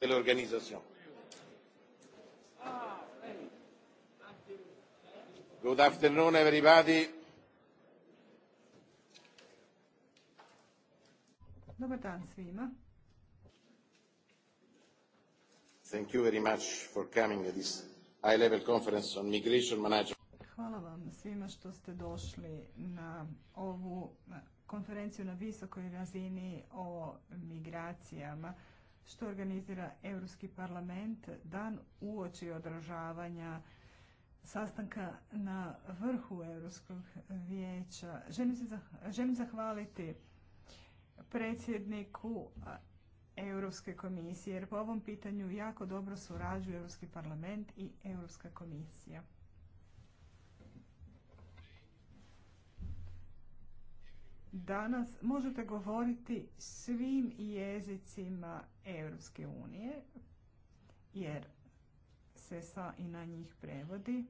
de l'organisation. Good afternoon, everybody. Dobar dan svima. Thank you very much for coming to this high-level conference on migration management. Hvala vam svima što ste došli na ovu konferenciju na visokoj razini o migracijama što organizira Europski parlament dan uoči održavanja sastanka na vrhu Europskog vijeća. Želim, želim zahvaliti predsjedniku Europske komisije jer po ovom pitanju jako dobro surađuju Europski parlament i Europska komisija. Danas možete govoriti svim jezicima Europske unije, jer se sa i na njih prevodi.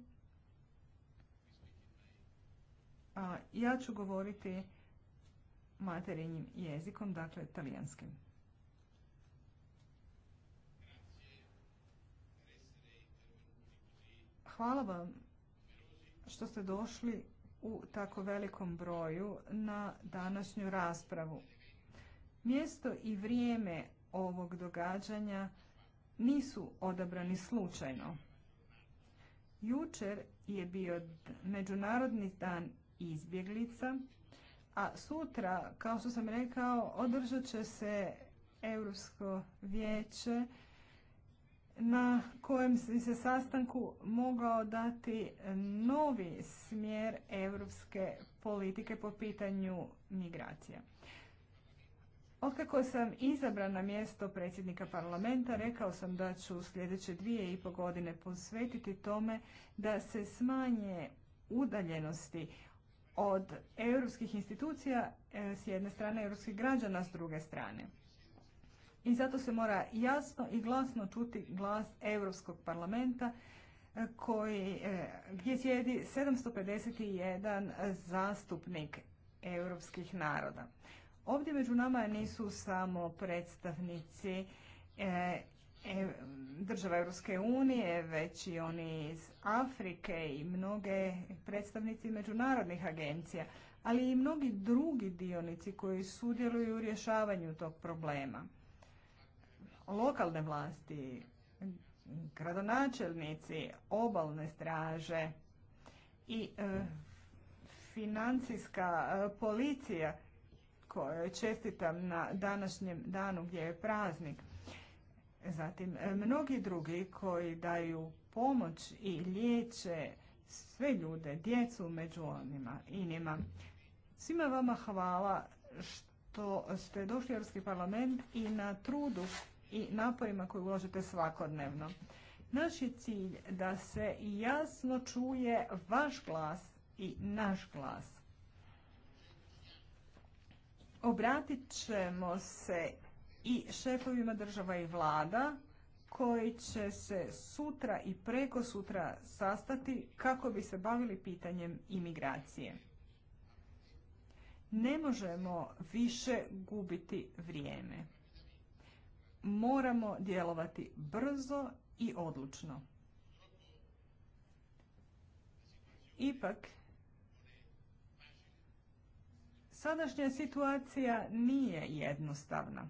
A ja ću govoriti materinjim jezikom, dakle talijanskim. Hvala vam što ste došli u tako velikom broju na današnju raspravu. Mjesto i vrijeme ovog događanja nisu odabrani slučajno. Jučer je bio Međunarodni dan izbjeglica, a sutra, kao što sam rekao, održat će se Europsko vijeće na kojem se sastanku mogao dati novi smjer europske politike po pitanju migracija. Otkako sam izabran na mjesto predsjednika parlamenta, rekao sam da ću sljedeće dvije i pol godine posvetiti tome da se smanje udaljenosti od europskih institucija eh, s jedne strane, europskih građana s druge strane i zato se mora jasno i glasno čuti glas Europskog parlamenta e, koji, e, gdje sjedi 751 zastupnik europskih naroda. Ovdje među nama nisu samo predstavnici e, država Europske unije, već i oni iz Afrike i mnoge predstavnici međunarodnih agencija, ali i mnogi drugi dionici koji sudjeluju u rješavanju tog problema lokalne vlasti, gradonačelnici, obalne straže i e, financijska e, policija kojoj čestitam na današnjem danu gdje je praznik. Zatim, e, mnogi drugi koji daju pomoć i liječe sve ljude, djecu među onima, njima. Svima vama hvala što ste došli u Europski parlament i na trudu i naporima koje uložite svakodnevno. Naš je cilj da se jasno čuje vaš glas i naš glas. Obratit ćemo se i šefovima država i vlada koji će se sutra i preko sutra sastati kako bi se bavili pitanjem imigracije. Ne možemo više gubiti vrijeme moramo djelovati brzo i odlučno. Ipak, sadašnja situacija nije jednostavna.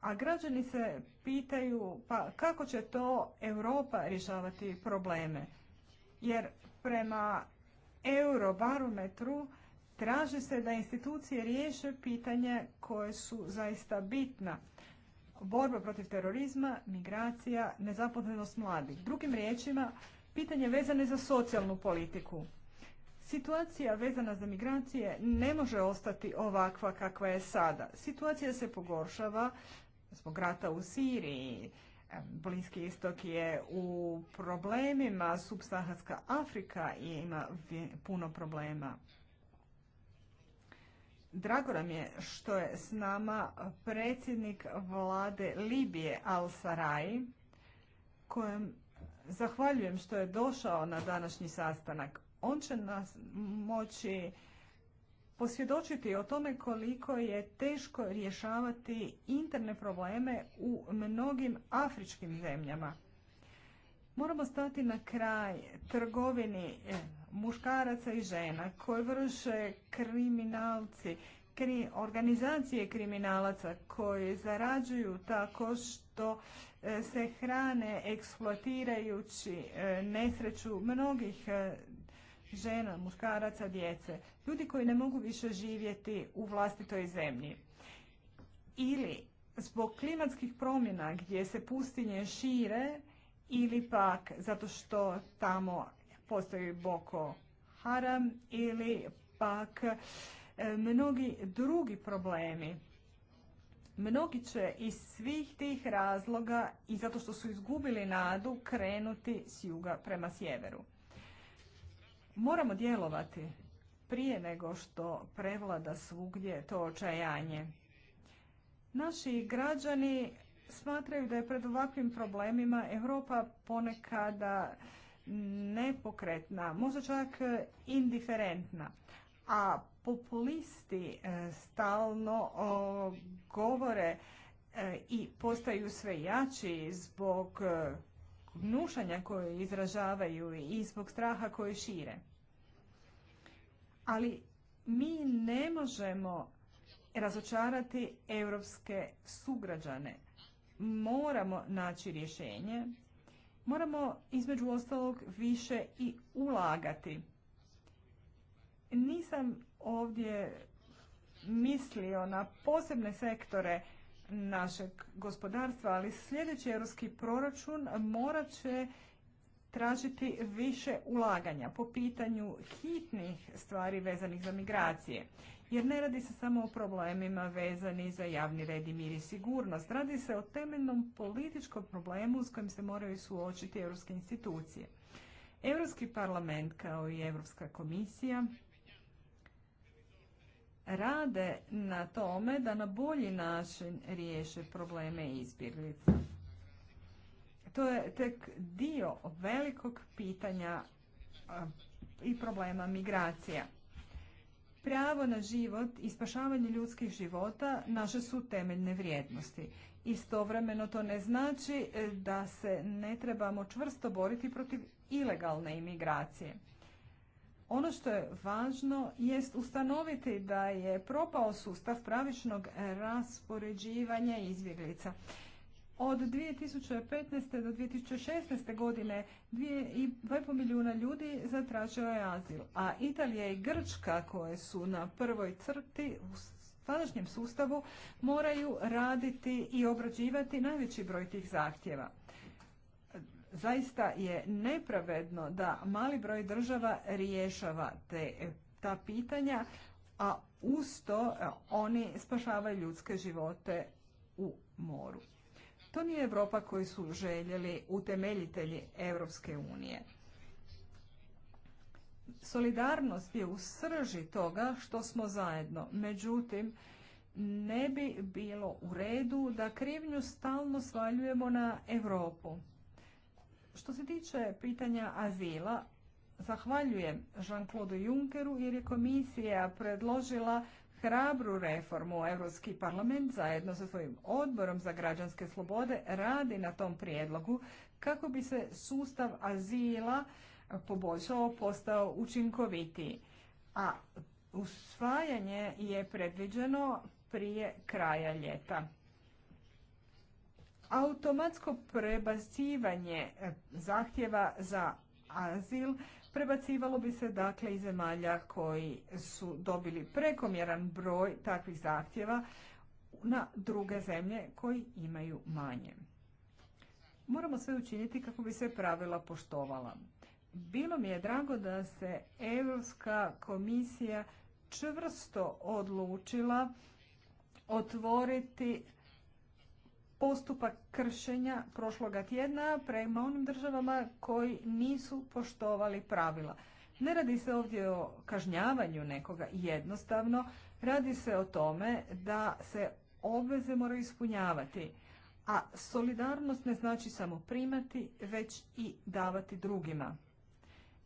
A građani se pitaju pa kako će to Europa rješavati probleme. Jer prema eurobarometru traži se da institucije riješe pitanje koje su zaista bitna borba protiv terorizma, migracija, nezaposlenost mladih. Drugim riječima, pitanje vezane za socijalnu politiku. Situacija vezana za migracije ne može ostati ovakva kakva je sada. Situacija se pogoršava zbog rata u Siriji. Blinski istok je u problemima, subsaharska Afrika ima puno problema. Drago nam je što je s nama predsjednik vlade Libije Al-Saraj, kojem zahvaljujem što je došao na današnji sastanak. On će nas moći posvjedočiti o tome koliko je teško rješavati interne probleme u mnogim afričkim zemljama. Moramo stati na kraj trgovini eh, muškaraca i žena koje vrše kriminalci, kri, organizacije kriminalaca koje zarađuju tako što eh, se hrane eksploatirajući eh, nesreću mnogih žena, muškaraca, djece, ljudi koji ne mogu više živjeti u vlastitoj zemlji. Ili zbog klimatskih promjena gdje se pustinje šire, ili pak zato što tamo postoji Boko Haram ili pak e, mnogi drugi problemi. Mnogi će iz svih tih razloga i zato što su izgubili nadu krenuti s juga prema sjeveru. Moramo djelovati prije nego što prevlada svugdje to očajanje. Naši građani smatraju da je pred ovakvim problemima Europa ponekada nepokretna, možda čak indiferentna. A populisti e, stalno govore e, i postaju sve jači zbog e, gnušanja koje izražavaju i zbog straha koje šire. Ali mi ne možemo razočarati europske sugrađane moramo naći rješenje, moramo između ostalog više i ulagati. Nisam ovdje mislio na posebne sektore našeg gospodarstva, ali sljedeći europski proračun morat će tražiti više ulaganja po pitanju hitnih stvari vezanih za migracije jer ne radi se samo o problemima vezani za javni red i mir i sigurnost. Radi se o temeljnom političkom problemu s kojim se moraju suočiti europske institucije. Europski parlament kao i Europska komisija rade na tome da na bolji način riješe probleme izbjeglica. To je tek dio velikog pitanja i problema migracija. Pravo na život i spašavanje ljudskih života naše su temeljne vrijednosti. Istovremeno to ne znači e, da se ne trebamo čvrsto boriti protiv ilegalne imigracije. Ono što je važno jest ustanoviti da je propao sustav pravičnog raspoređivanja izbjeglica od 2015. do 2016. godine 2,5 milijuna ljudi zatražilo je azil, a Italija i Grčka koje su na prvoj crti u sadašnjem sustavu moraju raditi i obrađivati najveći broj tih zahtjeva. Zaista je nepravedno da mali broj država rješava te, ta pitanja, a uz to oni spašavaju ljudske živote u moru. To nije Europa koju su željeli utemeljitelji Europske unije. Solidarnost je u srži toga što smo zajedno. Međutim, ne bi bilo u redu da krivnju stalno svaljujemo na Europu. Što se tiče pitanja azila, zahvaljujem Jean-Claude Junckeru jer je komisija predložila hrabru reformu. Europski parlament zajedno sa svojim odborom za građanske slobode radi na tom prijedlogu kako bi se sustav azila poboljšao, postao učinkovitiji. A usvajanje je predviđeno prije kraja ljeta. Automatsko prebacivanje zahtjeva za azil prebacivalo bi se dakle iz zemalja koji su dobili prekomjeran broj takvih zahtjeva na druge zemlje koji imaju manje. Moramo sve učiniti kako bi se pravila poštovala. Bilo mi je drago da se Europska komisija čvrsto odlučila otvoriti postupak kršenja prošloga tjedna prema onim državama koji nisu poštovali pravila. Ne radi se ovdje o kažnjavanju nekoga jednostavno, radi se o tome da se obveze moraju ispunjavati, a solidarnost ne znači samo primati, već i davati drugima.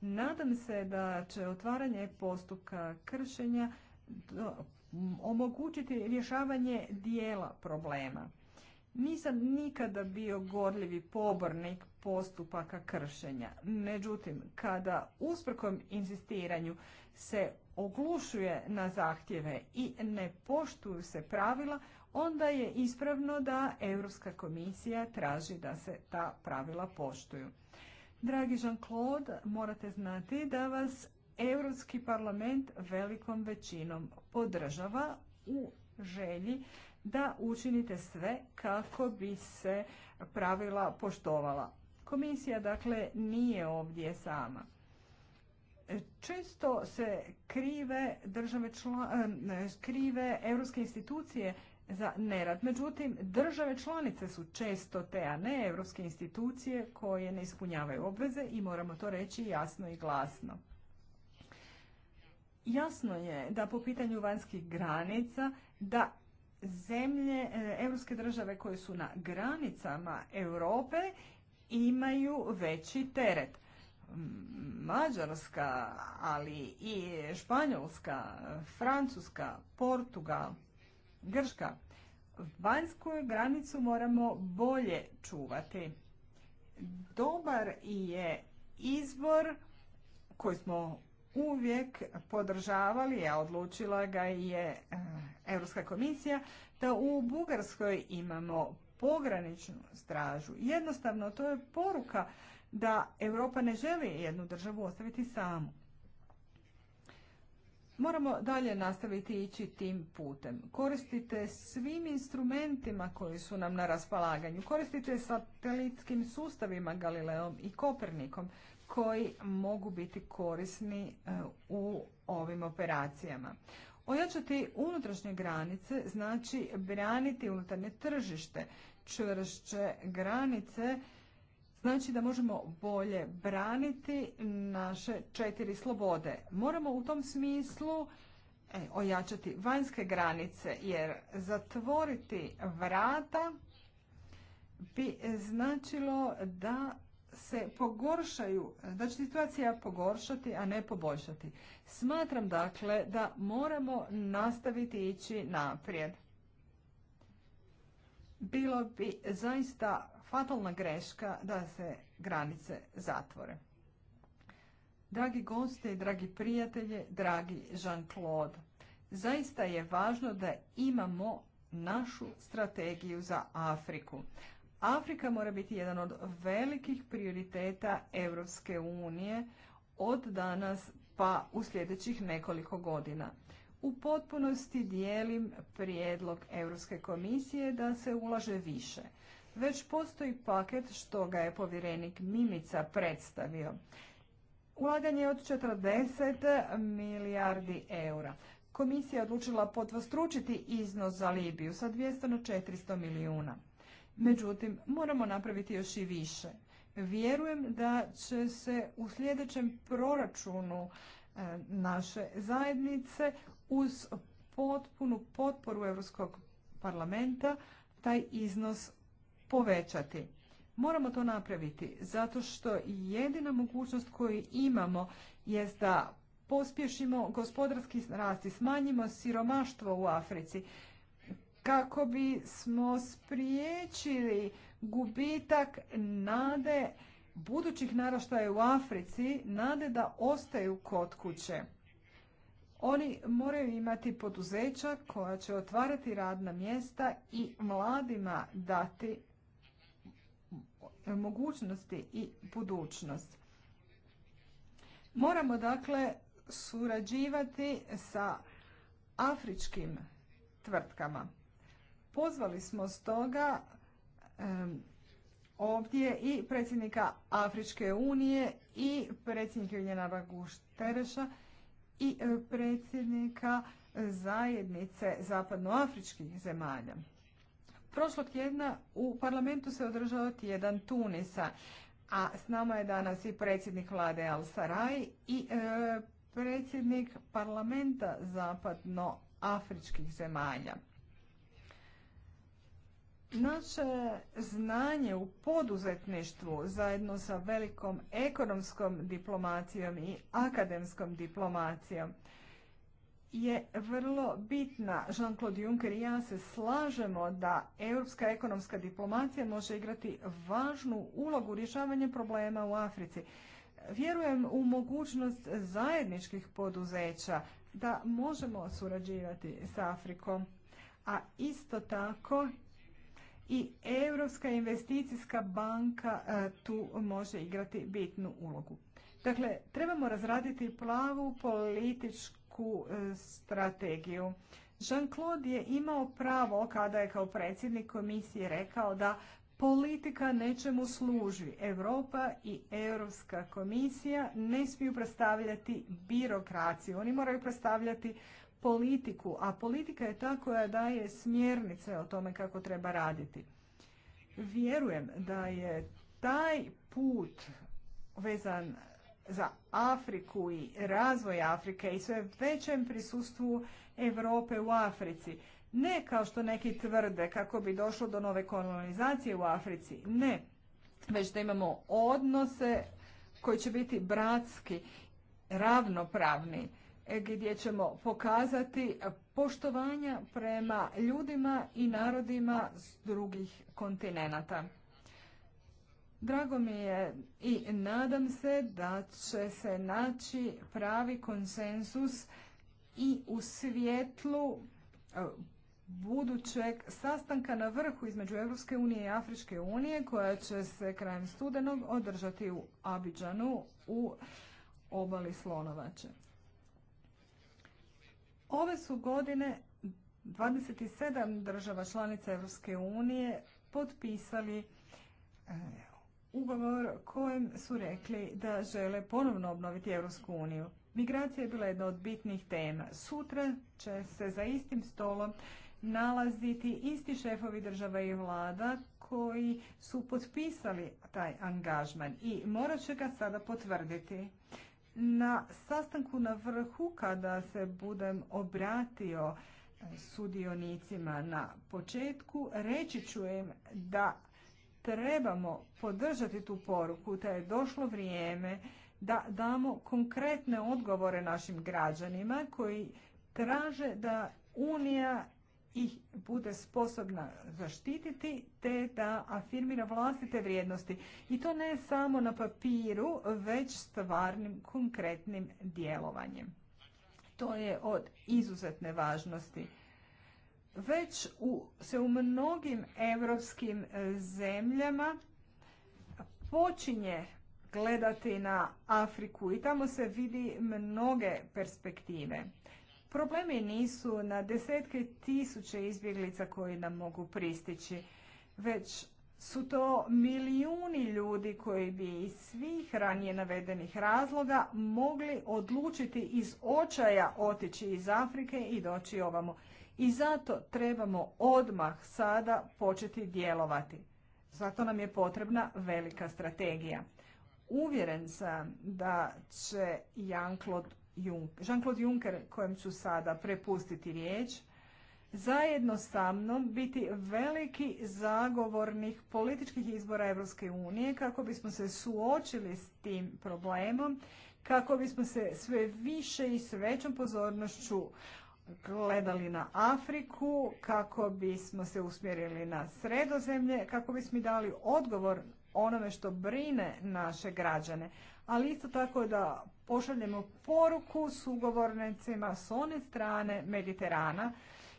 Nadam se da će otvaranje postupka kršenja omogućiti rješavanje dijela problema nisam nikada bio gorljivi pobornik postupaka kršenja. Međutim, kada usprkom insistiranju se oglušuje na zahtjeve i ne poštuju se pravila, onda je ispravno da Europska komisija traži da se ta pravila poštuju. Dragi Jean-Claude, morate znati da vas Europski parlament velikom većinom podržava u želji da učinite sve kako bi se pravila poštovala. Komisija dakle nije ovdje sama. E, često se krive države e, krive europske institucije za nerad. Međutim, države članice su često te, a ne europske institucije koje ne ispunjavaju obveze i moramo to reći jasno i glasno. Jasno je da po pitanju vanjskih granica da zemlje, e, europske države koje su na granicama Europe imaju veći teret. Mađarska, ali i Španjolska, Francuska, Portugal, Grška. Vanjsku granicu moramo bolje čuvati. Dobar je izbor koji smo uvijek podržavali, a odlučila ga je e, Europska komisija, da u Bugarskoj imamo pograničnu stražu. Jednostavno, to je poruka da Europa ne želi jednu državu ostaviti samu. Moramo dalje nastaviti ići tim putem. Koristite svim instrumentima koji su nam na raspolaganju. Koristite satelitskim sustavima Galileom i Kopernikom koji mogu biti korisni e, u ovim operacijama. Ojačati unutrašnje granice znači braniti unutarnje tržište, čvršće granice Znači da možemo bolje braniti naše četiri slobode. Moramo u tom smislu e, ojačati vanjske granice jer zatvoriti vrata bi značilo da se pogoršaju, da će situacija pogoršati, a ne poboljšati. Smatram dakle da moramo nastaviti ići naprijed. Bilo bi zaista fatalna greška da se granice zatvore. Dragi gosti, dragi prijatelje, dragi Jean-Claude, zaista je važno da imamo našu strategiju za Afriku. Afrika mora biti jedan od velikih prioriteta Europske unije od danas pa u sljedećih nekoliko godina. U potpunosti dijelim prijedlog Europske komisije da se ulaže više. Već postoji paket što ga je povjerenik Mimica predstavio. Ulaganje od 40 milijardi eura. Komisija je odlučila potvostručiti iznos za Libiju sa 200 na 400 milijuna. Međutim, moramo napraviti još i više. Vjerujem da će se u sljedećem proračunu e, naše zajednice uz potpunu potporu Europskog parlamenta taj iznos povećati. Moramo to napraviti zato što jedina mogućnost koju imamo jest da pospješimo gospodarski rast i smanjimo siromaštvo u Africi kako bi smo spriječili gubitak nade budućih naraštaja u Africi, nade da ostaju kod kuće. Oni moraju imati poduzeća koja će otvarati radna mjesta i mladima dati mogućnosti i budućnost. Moramo dakle surađivati sa afričkim tvrtkama. Pozvali smo stoga ovdje i predsjednika Afričke unije i predsjednika Ujedinjenog Guštereša i e, predsjednika zajednice zapadnoafričkih zemalja. Prošlog tjedna u parlamentu se održao tjedan Tunisa, a s nama je danas i predsjednik vlade Al Saraj i e, predsjednik parlamenta zapadnoafričkih zemalja. Naše znanje u poduzetništvu zajedno sa velikom ekonomskom diplomacijom i akademskom diplomacijom je vrlo bitna. Jean-Claude Juncker i ja se slažemo da europska ekonomska diplomacija može igrati važnu ulogu u rješavanju problema u Africi. Vjerujem u mogućnost zajedničkih poduzeća da možemo surađivati s Afrikom, a isto tako i Europska investicijska banka e, tu može igrati bitnu ulogu. Dakle, trebamo razraditi plavu političku e, strategiju. Jean-Claude je imao pravo kada je kao predsjednik komisije rekao da politika nečemu služi. Europa i Europska komisija ne smiju predstavljati birokraciju. Oni moraju predstavljati politiku, a politika je ta koja daje smjernice o tome kako treba raditi. Vjerujem da je taj put vezan za Afriku i razvoj Afrike i sve većem prisustvu Europe u Africi. Ne kao što neki tvrde kako bi došlo do nove kolonizacije u Africi, ne, već da imamo odnose koji će biti bratski, ravnopravni E, gdje ćemo pokazati poštovanja prema ljudima i narodima s drugih kontinenata. Drago mi je i nadam se da će se naći pravi konsensus i u svjetlu e, budućeg sastanka na vrhu između Europske unije i Afričke unije koja će se krajem studenog održati u Abidžanu u obali Slonovače. Ove su godine 27 država članica Europske unije potpisali e, ugovor kojem su rekli da žele ponovno obnoviti Europsku uniju. Migracija je bila jedna od bitnih tema. Sutra će se za istim stolom nalaziti isti šefovi država i vlada koji su potpisali taj angažman i morat će ga sada potvrditi. Na sastanku na vrhu kada se budem obratio e, sudionicima na početku reći ću im da trebamo podržati tu poruku da je došlo vrijeme da damo konkretne odgovore našim građanima koji traže da Unija ih bude sposobna zaštititi te da afirmira vlastite vrijednosti. I to ne samo na papiru, već stvarnim, konkretnim djelovanjem. To je od izuzetne važnosti. Već u, se u mnogim europskim e, zemljama počinje gledati na Afriku i tamo se vidi mnoge perspektive. Problemi nisu na desetke tisuće izbjeglica koji nam mogu pristići, već su to milijuni ljudi koji bi iz svih ranije navedenih razloga mogli odlučiti iz očaja otići iz Afrike i doći ovamo. I zato trebamo odmah sada početi djelovati. Zato nam je potrebna velika strategija. Uvjeren sam da će Jan claude Jean-Claude Juncker, kojem ću sada prepustiti riječ, zajedno sa mnom biti veliki zagovornik političkih izbora Europske unije kako bismo se suočili s tim problemom, kako bismo se sve više i sve većom pozornošću gledali na Afriku, kako bismo se usmjerili na sredozemlje, kako bismo dali odgovor onome što brine naše građane, ali isto tako da pošaljemo poruku sugovornicima s one strane Mediterana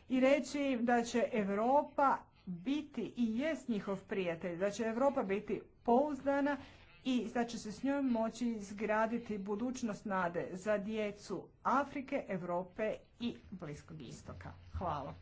i reći im da će Europa biti i jest njihov prijatelj, da će Europa biti pouzdana i da će se s njom moći izgraditi budućnost nade za djecu Afrike, Europe i Bliskog istoka. Hvala.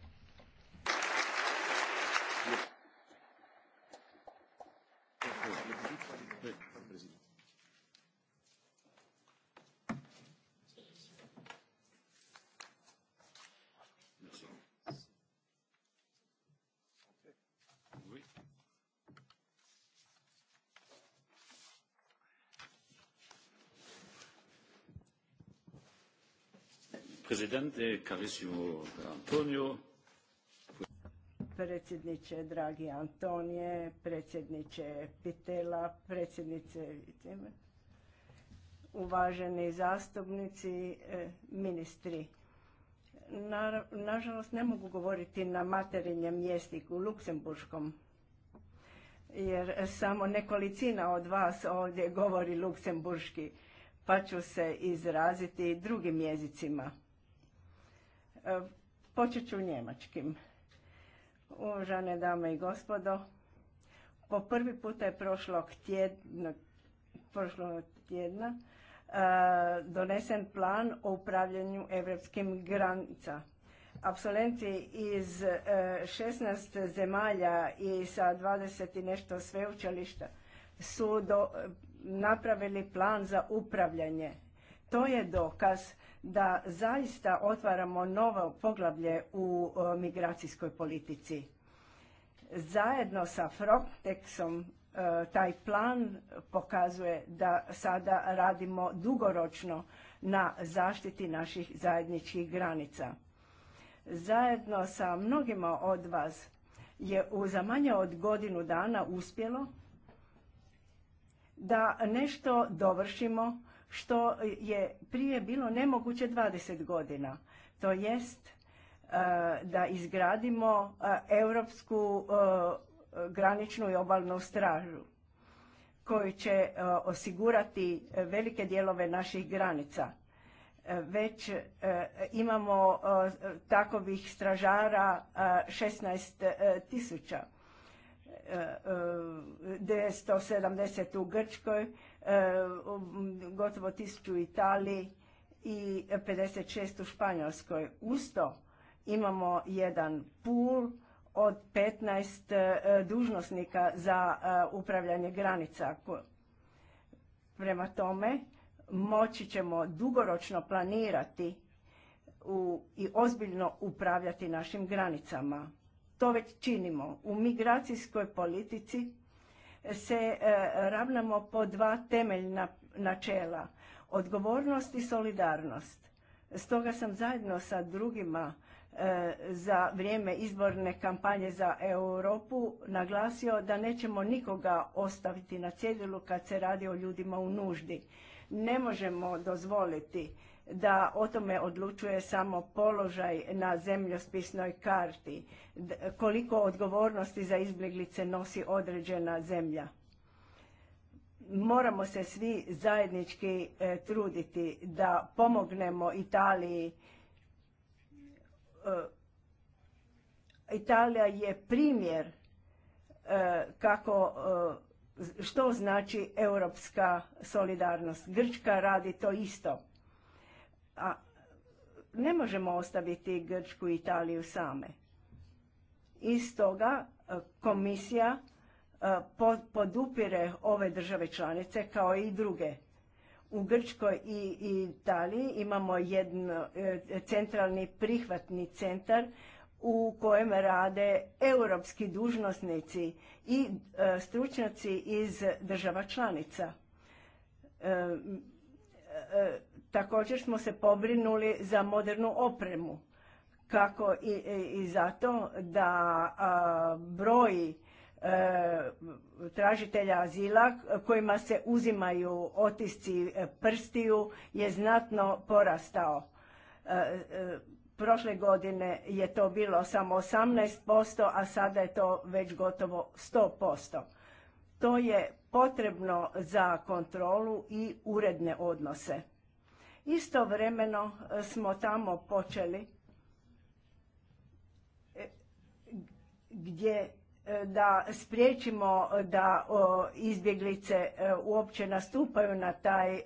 Eh, carissimo Antonio. Predsjedniče, dragi Antonije, predsjedniče Pitela, predsjednice uvaženi zastupnici, eh, ministri. nažalost, ne mogu govoriti na materinjem jeziku, luksemburškom, jer samo nekolicina od vas ovdje govori luksemburški, pa ću se izraziti drugim jezicima. E, počet ću njemačkim. Uvažane dame i gospodo, po prvi puta je prošlog tjedna, tjedna e, donesen plan o upravljanju evropskim granica. absolenti iz 16 e, zemalja i sa 20 i nešto sveučilišta su napravili plan za upravljanje. To je dokaz da zaista otvaramo novo poglavlje u e, migracijskoj politici. Zajedno sa Frontexom e, taj plan pokazuje da sada radimo dugoročno na zaštiti naših zajedničkih granica. Zajedno sa mnogima od vas je u za manje od godinu dana uspjelo da nešto dovršimo što je prije bilo nemoguće 20 godina. To jest e, da izgradimo e, europsku e, graničnu i obalnu stražu koju će osigurati velike dijelove naših granica. Već imamo takovih stražara 16 tisuća. 970 u Grčkoj, E, um, gotovo 1000 u Italiji i 56 u Španjolskoj. Usto imamo jedan pool od 15 e, dužnosnika za e, upravljanje granica. Prema tome, moći ćemo dugoročno planirati i ozbiljno upravljati našim granicama. To već činimo. U migracijskoj politici se e, ravnamo po dva temeljna načela, odgovornost i solidarnost. Stoga sam zajedno sa drugima e, za vrijeme izborne kampanje za Europu naglasio da nećemo nikoga ostaviti na cjedilu kad se radi o ljudima u nuždi. Ne možemo dozvoliti da o tome odlučuje samo položaj na zemljospisnoj karti, koliko odgovornosti za izbjeglice nosi određena zemlja. Moramo se svi zajednički e, truditi da pomognemo Italiji. E, Italija je primjer e, kako što znači europska solidarnost. Grčka radi to isto a ne možemo ostaviti Grčku i Italiju same. I toga e, komisija e, podupire ove države članice kao i druge. U Grčkoj i Italiji imamo jedan e, centralni prihvatni centar u kojem rade europski dužnosnici i stručnjaci iz država članica. Također smo se pobrinuli za modernu opremu, kako i, i, zato da broj e, tražitelja azila kojima se uzimaju otisci e, prstiju je znatno porastao. E, prošle godine je to bilo samo 18%, a sada je to već gotovo 100%. To je potrebno za kontrolu i uredne odnose. Istovremeno e, smo tamo počeli e, gdje e, da spriječimo da izbjeglice uopće nastupaju na taj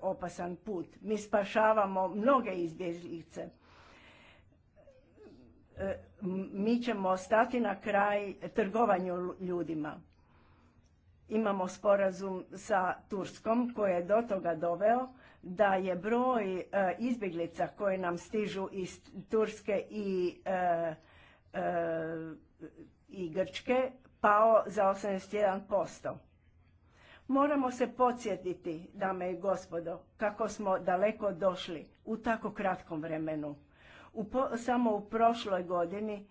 opasan put. Mi spašavamo mnoge izbjeglice. Mi ćemo stati na kraj trgovanju ljudima. Imamo sporazum sa Turskom koji je do toga doveo da je broj e, izbjeglica koje nam stižu iz Turske i, e, e, Grčke pao za 81%. Moramo se podsjetiti, dame i gospodo, kako smo daleko došli u tako kratkom vremenu. samo u prošloj godini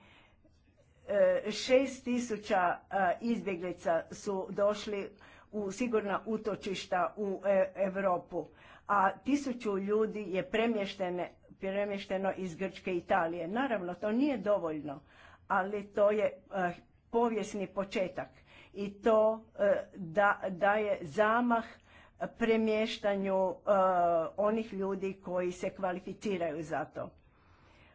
šest tisuća izbjeglica su došli u sigurna utočišta u Europu a tisuću ljudi je premješteno iz Grčke Italije. Naravno, to nije dovoljno, ali to je eh, povijesni početak i to eh, daje zamah premještanju eh, onih ljudi koji se kvalificiraju za to.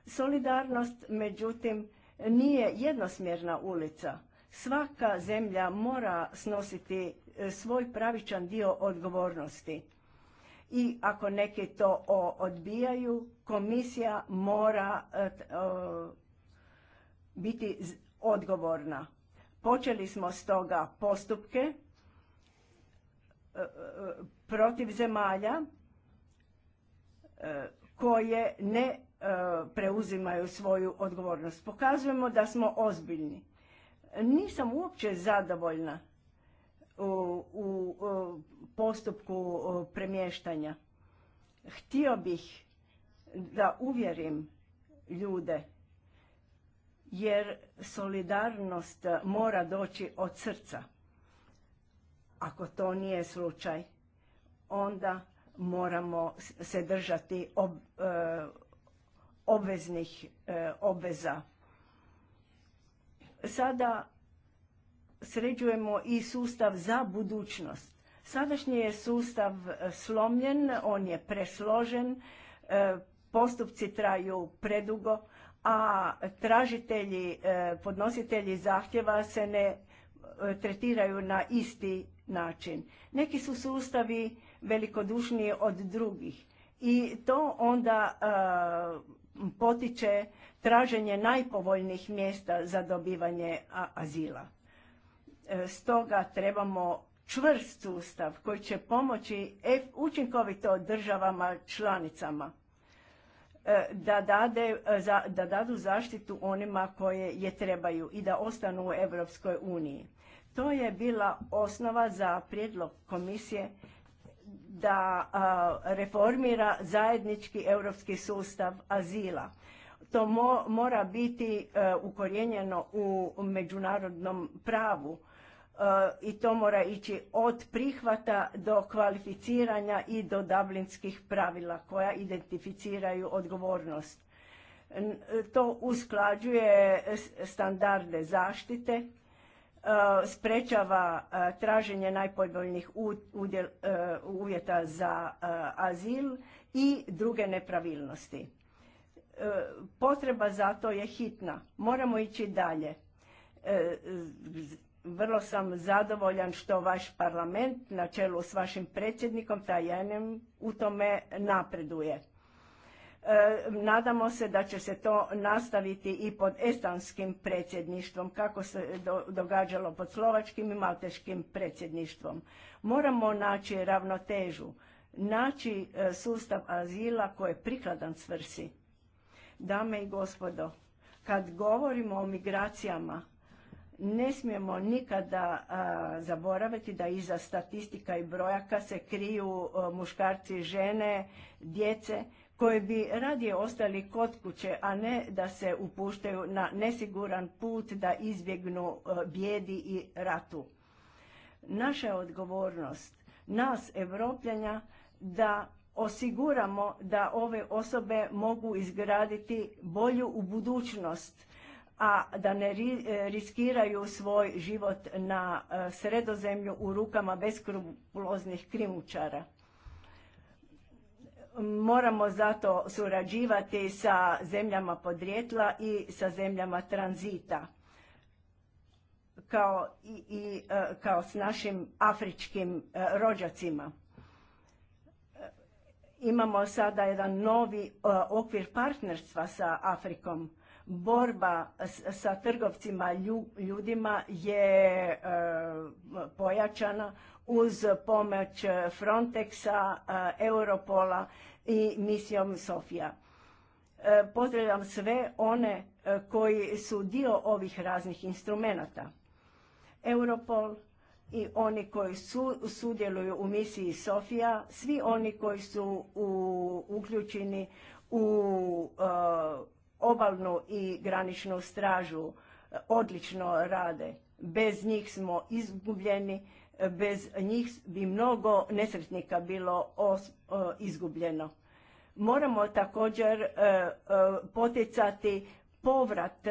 Solidarnost, međutim, nije jednosmjerna ulica. Svaka zemlja mora snositi svoj pravičan dio odgovornosti i ako neki to odbijaju, komisija mora e, biti odgovorna. Počeli smo stoga postupke e, e, protiv zemalja koje ne preuzimaju svoju odgovornost. Pokazujemo da smo ozbiljni. Nisam uopće zadovoljna u postupku premještanja. Htio bih da uvjerim ljude jer solidarnost mora doći od srca. Ako to nije slučaj, onda moramo se držati ob, e, obveznih e, obveza. Sada sređujemo i sustav za budućnost. Sadašnji je sustav e, slomljen, on je presložen, e, postupci traju predugo, a tražitelji, e, podnositelji zahtjeva se ne tretiraju na isti način. Neki su sustavi velikodušniji od drugih i to onda potiče traženje najpovoljnijih mjesta za dobivanje azila. E, stoga trebamo čvrst sustav koji će pomoći učinkovito državama članicama e, e, da, dadu zaštitu onima koje je trebaju i da ostanu u Europskoj uniji. To je bila osnova za prijedlog komisije da reformira zajednički europski sustav azila. To mora biti ukorijenjeno u međunarodnom pravu i to mora ići od prihvata do kvalificiranja i do dublinskih pravila koja identificiraju odgovornost. To usklađuje standarde zaštite, e, sprečava e, traženje najpovoljnijih e, uvjeta za azil i druge nepravilnosti. Potreba za to je hitna. Moramo ići dalje vrlo sam zadovoljan što vaš parlament na čelu s vašim predsjednikom Tajanem u tome napreduje. E, nadamo se da će se to nastaviti i pod estanskim predsjedništvom, kako se događalo pod slovačkim i malteškim predsjedništvom. Moramo naći ravnotežu, naći e, sustav azila koji je prikladan svrsi. Dame i gospodo, kad govorimo o migracijama, ne smijemo nikada zaboraviti da iza statistika i brojaka se kriju muškarci, žene, djece koje bi radije ostali kod kuće, a ne da se upuštaju na nesiguran put da izbjegnu bjedi bijedi i ratu. Naša je odgovornost, nas, Evropljanja, da osiguramo da ove osobe mogu izgraditi bolju u budućnost a da ne e, riskiraju svoj život na e, sredozemlju u rukama beskrupuloznih krimučara. Moramo zato surađivati sa zemljama podrijetla i sa zemljama tranzita kao i, i e, kao s našim afričkim rođacima. Imamo sada jedan novi okvir partnerstva sa Afrikom Borba sa trgovcima ljudima je e, pojačana uz pomoć Frontexa, e, Europola i misijom Sofija. E, pozdravljam sve one koji su dio ovih raznih instrumenata. Europol i oni koji su, sudjeluju u misiji Sofija, svi oni koji su uključeni u obalnu i graničnu stražu e, odlično rade. Bez njih smo izgubljeni, e, bez njih bi mnogo nesretnika bilo e, izgubljeno. Moramo također poticati povrat,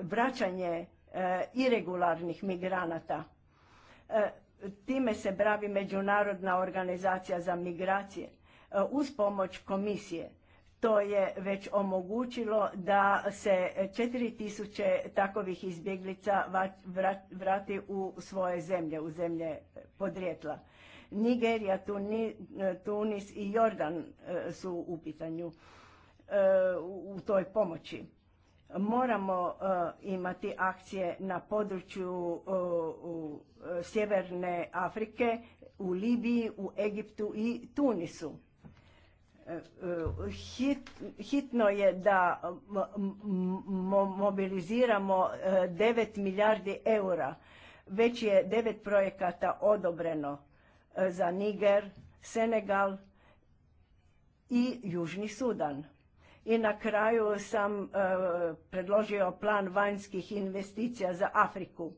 vraćanje irregularnih migranata. Time se bravi Međunarodna organizacija za migracije uz pomoć komisije to je već omogućilo da se 4000 takovih izbjeglica vrati u svoje zemlje, u zemlje podrijetla. Nigerija, Tunis i Jordan e, su u pitanju e, u toj pomoći. Moramo e, imati akcije na području Sjeverne Afrike, u Libiji, u Egiptu i Tunisu hitno je da mobiliziramo 9 e, milijardi eura. Već je 9 projekata odobreno e, za Niger, Senegal i Južni Sudan. I na kraju sam e, predložio plan vanjskih investicija za Afriku.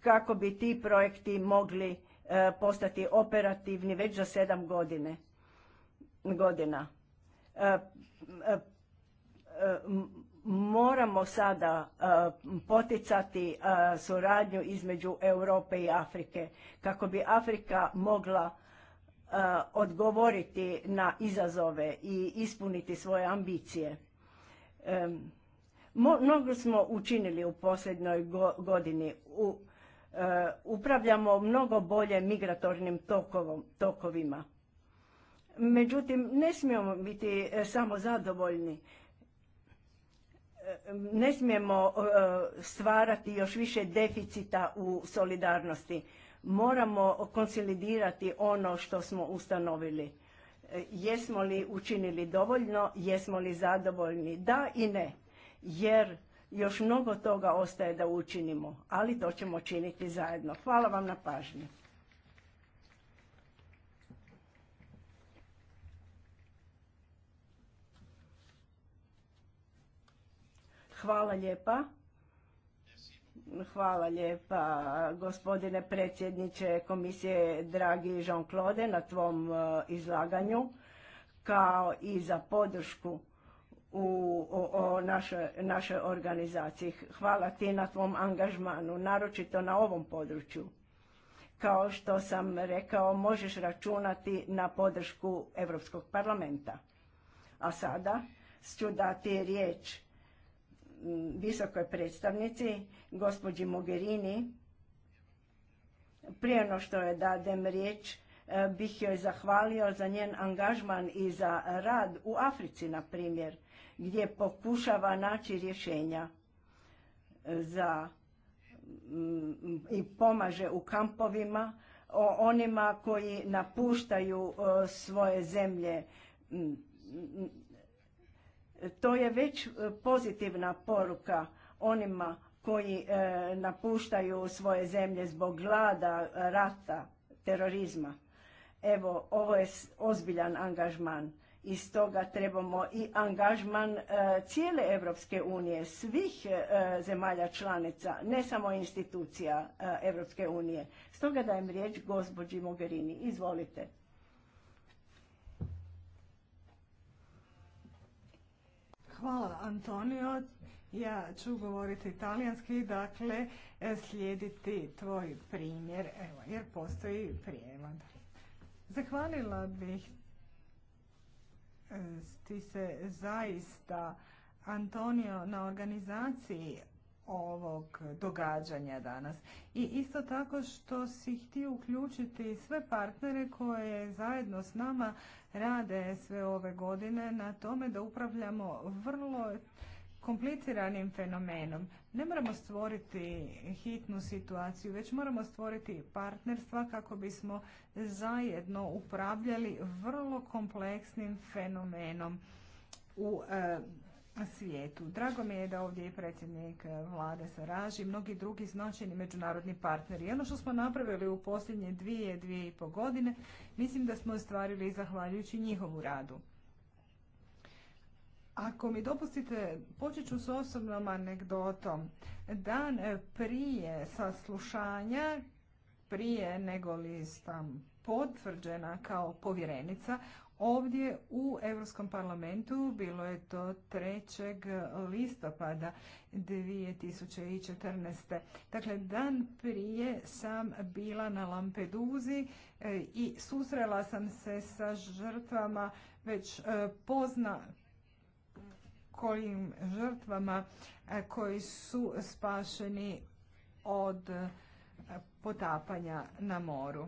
kako bi ti projekti mogli E, postati operativni već za sedam godine, godina. E, e, moramo sada poticati suradnju između Europe i Afrike kako bi Afrika mogla odgovoriti na izazove i ispuniti svoje ambicije. Mnogo smo učinili u posljednjoj godini u E, upravljamo mnogo bolje migratornim tokovima. Međutim, ne smijemo biti e, samo zadovoljni. E, ne smijemo stvarati još više deficita u solidarnosti. Moramo konsolidirati ono što smo ustanovili. Jesmo li učinili dovoljno, jesmo li zadovoljni? Da i ne. Jer još mnogo toga ostaje da učinimo, ali to ćemo činiti zajedno. Hvala vam na pažnji. Hvala lijepa. Hvala lijepa gospodine predsjedniče komisije, dragi Jean-Claude, na tvom e, izlaganju, kao i za podršku u o, o našoj, organizaciji. Hvala ti na tvom angažmanu, naročito na ovom području. Kao što sam rekao, možeš računati na podršku Europskog parlamenta. A sada ću dati riječ visokoj predstavnici, gospođi Mogherini. Prije no što je dadem riječ, e, bih joj zahvalio za njen angažman i za rad u Africi, na primjer gdje pokušava naći rješenja e, za mm, i pomaže u kampovima onima koji napuštaju e, svoje zemlje. Mm, mm, to je već e, pozitivna poruka onima koji napuštaju svoje zemlje zbog glada, rata, terorizma. Evo, ovo je ozbiljan angažman i stoga trebamo i angažman e, cijele Europske unije, svih e, zemalja članica, ne samo institucija Europske unije. Stoga dajem riječ gospođi Mogherini. Izvolite. Hvala Antonio. Ja ću govoriti italijanski, dakle e, slijediti tvoj primjer, evo, jer postoji prijevod. Zahvalila bih ti se zaista Antonio na organizaciji ovog događanja danas. I isto tako što si htio uključiti sve partnere koje zajedno s nama rade sve ove godine na tome da upravljamo vrlo kompliciranim fenomenom. Ne moramo stvoriti hitnu situaciju, već moramo stvoriti partnerstva kako bismo zajedno upravljali vrlo kompleksnim fenomenom u e, svijetu. Drago mi je da ovdje i predsjednik vlade Saraži i mnogi drugi značajni međunarodni partneri. I ono što smo napravili u posljednje dvije, dvije i po godine, mislim da smo ostvarili zahvaljujući njihovu radu. Ako mi dopustite, počet ću s osobnom anegdotom. Dan eh, prije saslušanja, prije nego li sam potvrđena kao povjerenica, ovdje u Europskom parlamentu bilo je to 3. listopada 2014. Dakle, dan prije sam bila na Lampeduzi eh, i susrela sam se sa žrtvama već eh, pozna kojim žrtvama e, koji su spašeni od e, potapanja na moru.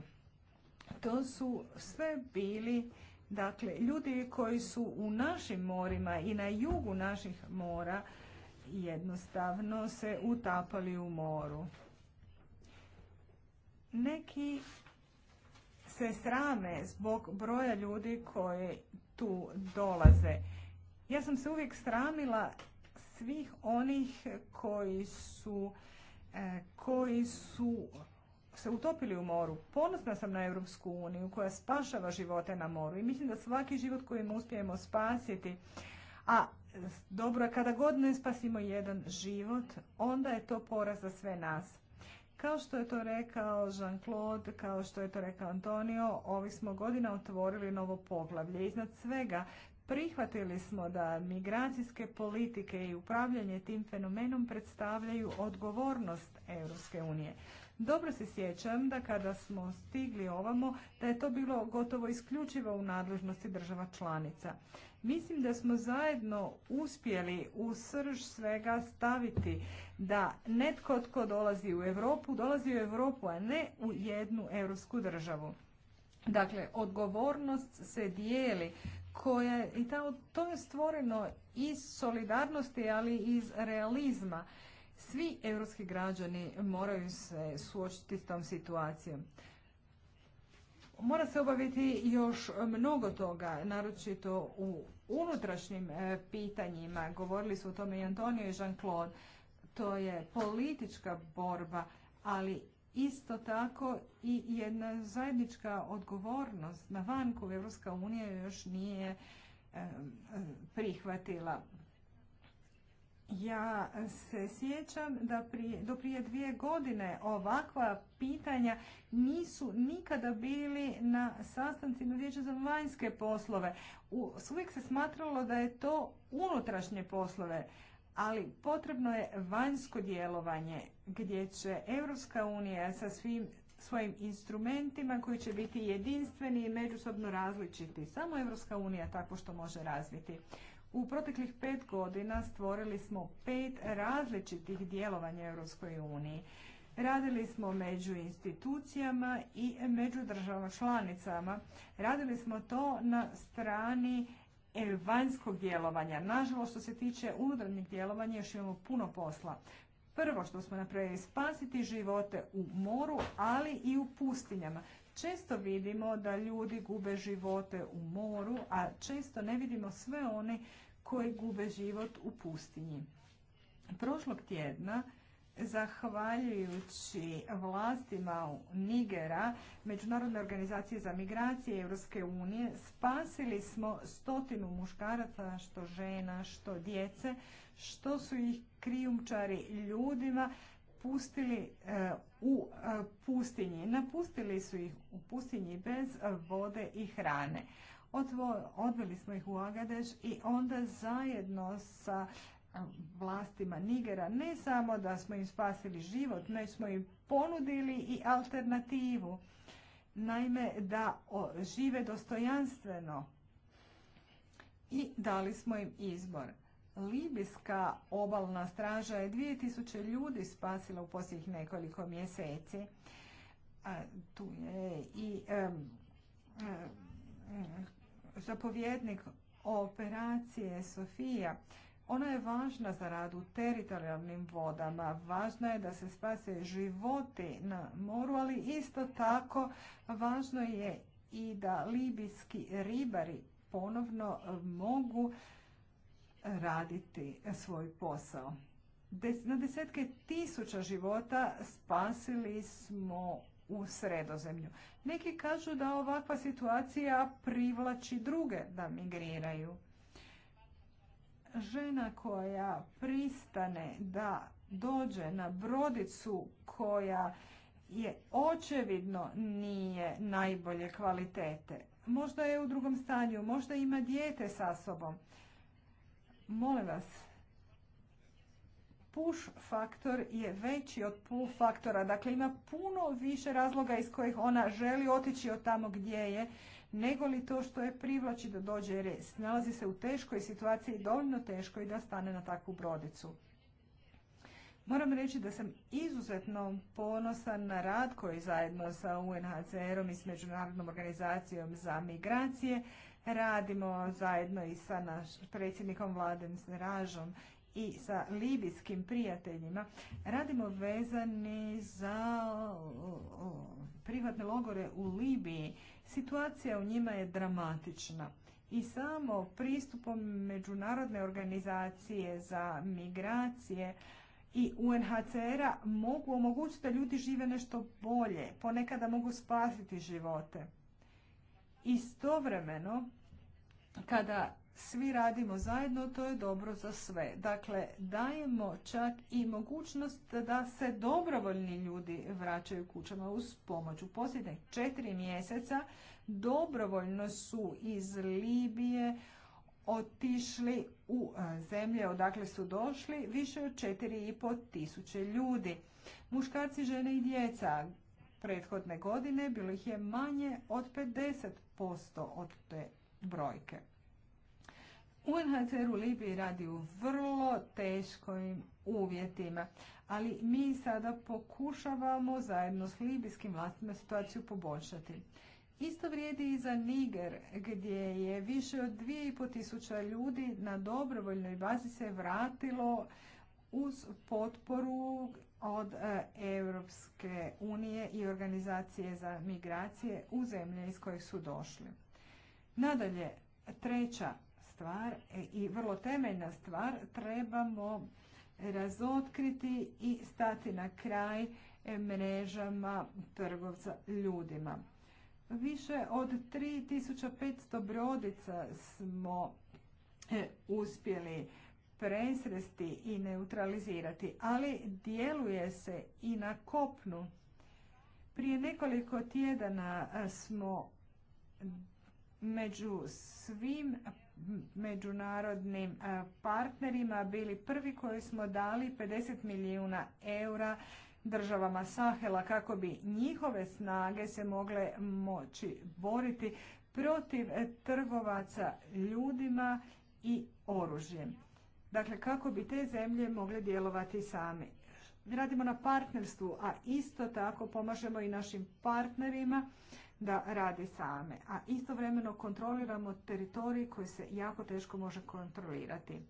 To su sve bili dakle, ljudi koji su u našim morima i na jugu naših mora jednostavno se utapali u moru. Neki se srame zbog broja ljudi koji tu dolaze. Ja sam se uvijek sramila svih onih koji su, e, koji su se utopili u moru. Ponosna sam na Europsku uniju koja spašava živote na moru i mislim da svaki život koji uspijemo spasiti, a dobro je kada god ne spasimo jedan život, onda je to poraz za sve nas. Kao što je to rekao Jean-Claude, kao što je to rekao Antonio, ovih smo godina otvorili novo poglavlje. Iznad svega Prihvatili smo da migracijske politike i upravljanje tim fenomenom predstavljaju odgovornost Europske unije. Dobro se sjećam da kada smo stigli ovamo, da je to bilo gotovo isključivo u nadležnosti država članica. Mislim da smo zajedno uspjeli u srž svega staviti da netko tko dolazi u Europu, dolazi u Europu, a ne u jednu europsku državu. Dakle, odgovornost se dijeli koje i ta, to je stvoreno iz solidarnosti, ali i iz realizma. Svi europski građani moraju se suočiti s tom situacijom. Mora se obaviti još mnogo toga, naročito u unutrašnjim e, pitanjima. Govorili su o tome i Antonio i Jean-Claude. To je politička borba, ali isto tako i jedna zajednička odgovornost na van koju Evropska unija još nije prihvatila. Ja se sjećam da do prije dvije godine ovakva pitanja nisu nikada bili na sastancima Vijeća za vanjske poslove. uvijek se smatralo da je to unutrašnje poslove ali potrebno je vanjsko djelovanje gdje će Europska unija sa svim svojim instrumentima koji će biti jedinstveni i međusobno različiti. Samo Europska unija tako što može razviti. U proteklih pet godina stvorili smo pet različitih djelovanja Europskoj uniji. Radili smo među institucijama i među državama članicama. Radili smo to na strani E, vanjskog djelovanja. Nažalost, što se tiče unutarnjeg djelovanja, još imamo puno posla. Prvo što smo napravili spasiti živote u moru, ali i u pustinjama. Često vidimo da ljudi gube živote u moru, a često ne vidimo sve one koji gube život u pustinji. Prošlog tjedna zahvaljujući vlastima Nigera, Međunarodne organizacije za migracije Europske unije, spasili smo stotinu muškaraca, što žena, što djece, što su ih krijumčari ljudima pustili e, u e, pustinji. Napustili su ih u pustinji bez vode i hrane. odveli smo ih u Agadeš i onda zajedno sa vlastima Nigera ne samo da smo im spasili život, ne smo im ponudili i alternativu. Naime, da žive dostojanstveno i dali smo im izbor. Libijska obalna straža je 2000 ljudi spasila u posljednjih nekoliko mjeseci. tu je i zapovjednik operacije Sofija ona je važna za rad u teritorijalnim vodama, važno je da se spase životi na moru, ali isto tako važno je i da libijski ribari ponovno e, mogu raditi svoj posao. Na desetke tisuća života spasili smo u sredozemlju. Neki kažu da ovakva situacija privlači druge da migriraju žena koja pristane da dođe na brodicu koja je očevidno nije najbolje kvalitete. Možda je u drugom stanju, možda ima dijete sa sobom. Molim vas, push faktor je veći od pull faktora. Dakle, ima puno više razloga iz kojih ona želi otići od tamo gdje je nego li to što je privlači da dođe res. Nalazi se u teškoj situaciji, dovoljno teškoj da stane na takvu brodicu. Moram reći da sam izuzetno ponosan na rad koji zajedno sa UNHCR-om i s Međunarodnom organizacijom za migracije radimo zajedno i sa naš predsjednikom Vladem Ražom i sa libijskim prijateljima. Radimo vezani za privatne logore u Libiji Situacija u njima je dramatična i samo pristupom Međunarodne organizacije za migracije i UNHCR-a mogu omogućiti da ljudi žive nešto bolje, ponekada mogu spasiti živote. Istovremeno, kada svi radimo zajedno, to je dobro za sve. Dakle, dajemo čak i mogućnost da se dobrovoljni ljudi vraćaju kućama uz pomoć. U posljednje četiri mjeseca dobrovoljno su iz Libije otišli u e, zemlje odakle su došli više od 4,5 tisuće ljudi. Muškarci, žene i djeca. Prethodne godine bilo ih je manje od 50% od te brojke. UNHCR u Libiji radi u vrlo teškojim uvjetima, ali mi sada pokušavamo zajedno s libijskim vlastima situaciju poboljšati. Isto vrijedi i za Niger, gdje je više od 2500 ljudi na dobrovoljnoj bazi se vratilo uz potporu od e, Europske unije i organizacije za migracije u zemlje iz kojih su došli. Nadalje, treća stvar e, i vrlo temeljna stvar, trebamo razotkriti i stati na kraj e, mrežama trgovca ljudima. Više od 3500 brodica smo e, uspjeli presresti i neutralizirati, ali djeluje se i na kopnu. Prije nekoliko tjedana smo među svim međunarodnim e, partnerima bili prvi koji smo dali 50 milijuna eura državama Sahela kako bi njihove snage se mogle moći boriti protiv e, trgovaca ljudima i oružjem. Dakle, kako bi te zemlje mogle djelovati same. Radimo na partnerstvu, a isto tako pomažemo i našim partnerima da radi same, a istovremeno kontroliramo teritorij koji se jako teško može kontrolirati.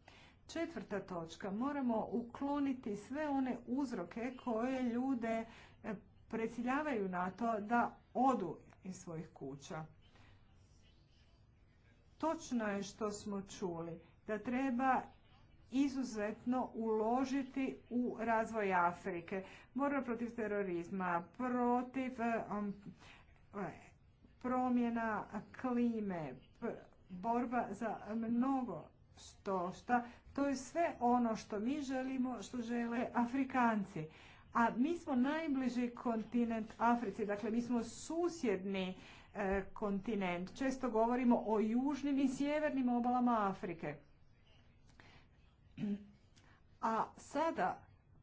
Četvrta točka, moramo ukloniti sve one uzroke koje ljude e, presiljavaju na to da odu iz svojih kuća. Točno je što smo čuli, da treba izuzetno uložiti u razvoj Afrike. Borba protiv terorizma, protiv e, um, promjena klime, borba za mnogo stošta, to je sve ono što mi želimo, što žele Afrikanci. A mi smo najbliži kontinent Africi, dakle mi smo susjedni e, kontinent. Često govorimo o južnim i sjevernim obalama Afrike. A sada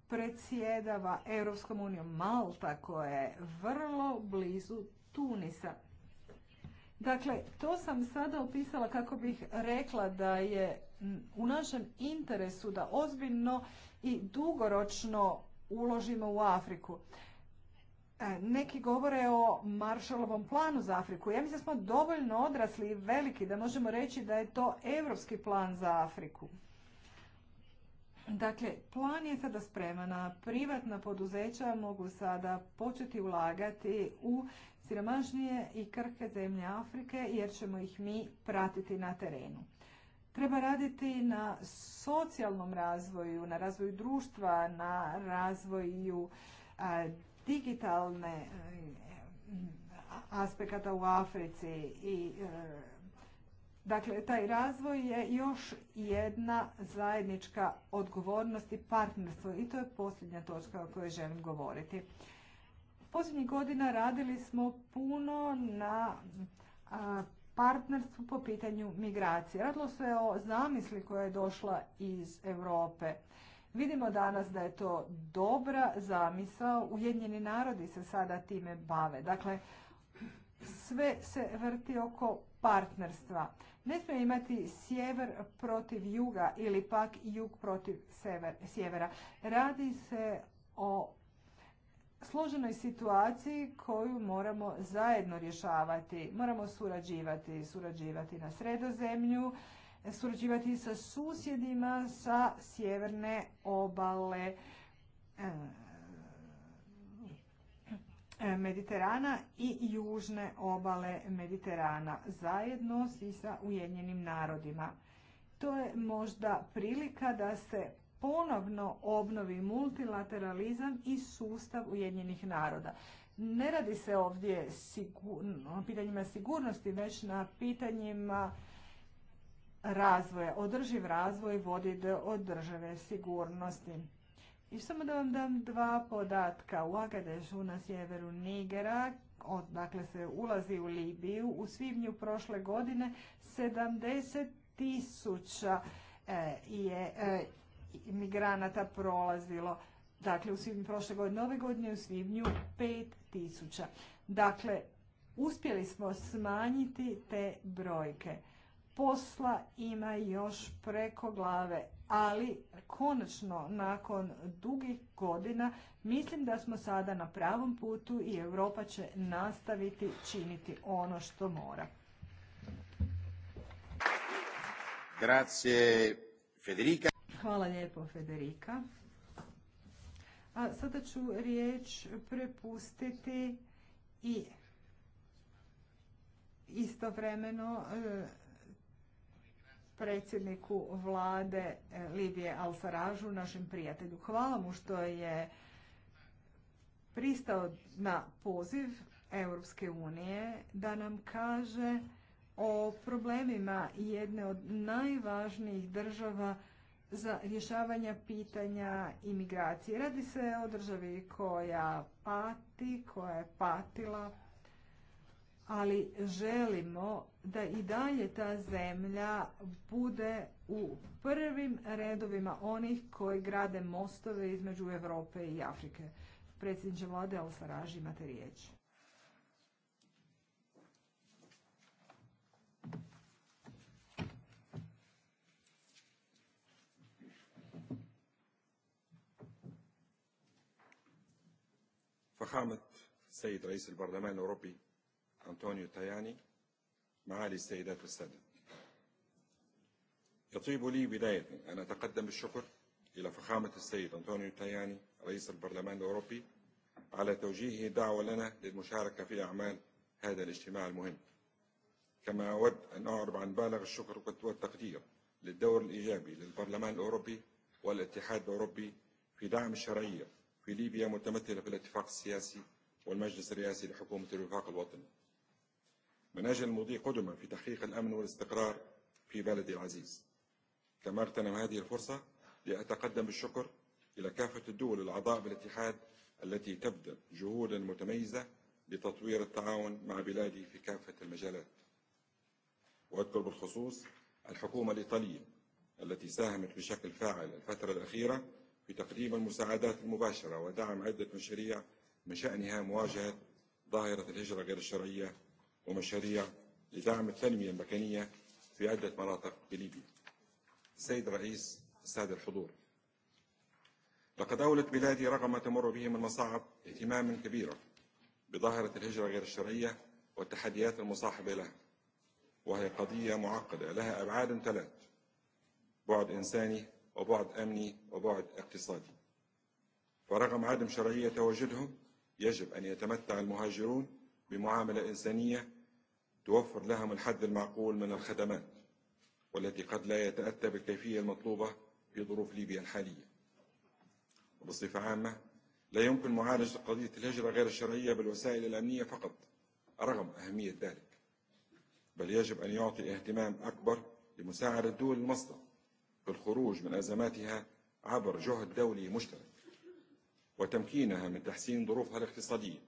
predsjedava Europskom unijom Malta koja je vrlo blizu Tunisa. Dakle, to sam sada opisala kako bih rekla da je u našem interesu da ozbiljno i dugoročno uložimo u Afriku. E, neki govore o Marshallovom planu za Afriku. Ja mislim da smo dovoljno odrasli i veliki da možemo reći da je to europski plan za Afriku. Dakle, plan je sada spreman, privatna poduzeća mogu sada početi ulagati u siromašnije i krhke zemlje Afrike jer ćemo ih mi pratiti na terenu. Treba raditi na socijalnom razvoju, na razvoju društva, na razvoju digitalne e, aspekata u Africi i e, Dakle, taj razvoj je još jedna zajednička odgovornost i partnerstvo i to je posljednja točka o kojoj želim govoriti. Posljednjih godina radili smo puno na partnerstvu po pitanju migracije. Radilo se o zamisli koja je došla iz Europe. Vidimo danas da je to dobra zamisla, Ujedinjeni narodi se sada time bave. Dakle, sve se vrti oko partnerstva. Ne smije imati sjever protiv juga ili pak jug protiv sjevera. Radi se o složenoj situaciji koju moramo zajedno rješavati. Moramo surađivati, surađivati na sredozemlju, surađivati sa susjedima sa sjeverne obale e, E, Mediterana i južne obale Mediterana zajedno i sa Ujedinjenim narodima. To je možda prilika da se ponovno obnovi multilateralizam i sustav Ujedinjenih naroda. Ne radi se ovdje o pitanjima sigurnosti, već na pitanjima razvoja. Održiv razvoj vodi do održave sigurnosti. I samo da vam dam dva podatka. U Agadešu na sjeveru Nigera, odakle se ulazi u Libiju, u svibnju prošle godine 70 tisuća e, je e, migranata prolazilo. Dakle, u svibnju prošle godine, ove godine u svibnju 5 tisuća. Dakle, uspjeli smo smanjiti te brojke. Posla ima još preko glave, ali konačno nakon dugih godina mislim da smo sada na pravom putu i Europa će nastaviti činiti ono što mora. Hvala lijepo Federica. A sada ću riječ prepustiti i istovremeno e, predsjedniku vlade eh, Libije Al-Saražu, našem prijatelju. Hvala mu što je pristao na poziv Europske unije da nam kaže o problemima jedne od najvažnijih država za rješavanje pitanja imigracije. Radi se o državi koja pati, koja je patila ali želimo da i dalje ta zemlja bude u prvim redovima onih koji grade mostove između Europe i Afrike. Predsjedniče vlade Saraži imate riječ. أنطونيو تاياني معالي السيدات والسادة يطيب لي بداية أن أتقدم بالشكر إلى فخامة السيد أنطونيو تاياني رئيس البرلمان الأوروبي على توجيهه دعوة لنا للمشاركة في أعمال هذا الاجتماع المهم كما أود أن أعرب عن بالغ الشكر والتقدير للدور الإيجابي للبرلمان الأوروبي والاتحاد الأوروبي في دعم الشرعية في ليبيا متمثلة في الاتفاق السياسي والمجلس الرئاسي لحكومة الوفاق الوطني من أجل المضي قدما في تحقيق الأمن والاستقرار في بلدي العزيز كما اغتنم هذه الفرصة لأتقدم بالشكر إلى كافة الدول الأعضاء بالاتحاد التي تبذل جهودا متميزة لتطوير التعاون مع بلادي في كافة المجالات وأذكر بالخصوص الحكومة الإيطالية التي ساهمت بشكل فاعل الفترة الأخيرة في تقديم المساعدات المباشرة ودعم عدة مشاريع من شأنها مواجهة ظاهرة الهجرة غير الشرعية ومشاريع لدعم التنمية المكانية في عدة مناطق بليبيا السيد الرئيس السادة الحضور لقد أولت بلادي رغم تمر به من مصاعب اهتمام كبيرة بظاهرة الهجرة غير الشرعية والتحديات المصاحبة لها وهي قضية معقدة لها أبعاد ثلاث بعد إنساني وبعد أمني وبعد اقتصادي فرغم عدم شرعية تواجدهم يجب أن يتمتع المهاجرون بمعاملة إنسانية توفر لهم الحد المعقول من الخدمات والتي قد لا يتأتى بالكيفية المطلوبة في ظروف ليبيا الحالية وبصفة عامة لا يمكن معالجة قضية الهجرة غير الشرعية بالوسائل الأمنية فقط رغم أهمية ذلك بل يجب أن يعطي اهتمام أكبر لمساعدة دول المصدر بالخروج من أزماتها عبر جهد دولي مشترك وتمكينها من تحسين ظروفها الاقتصادية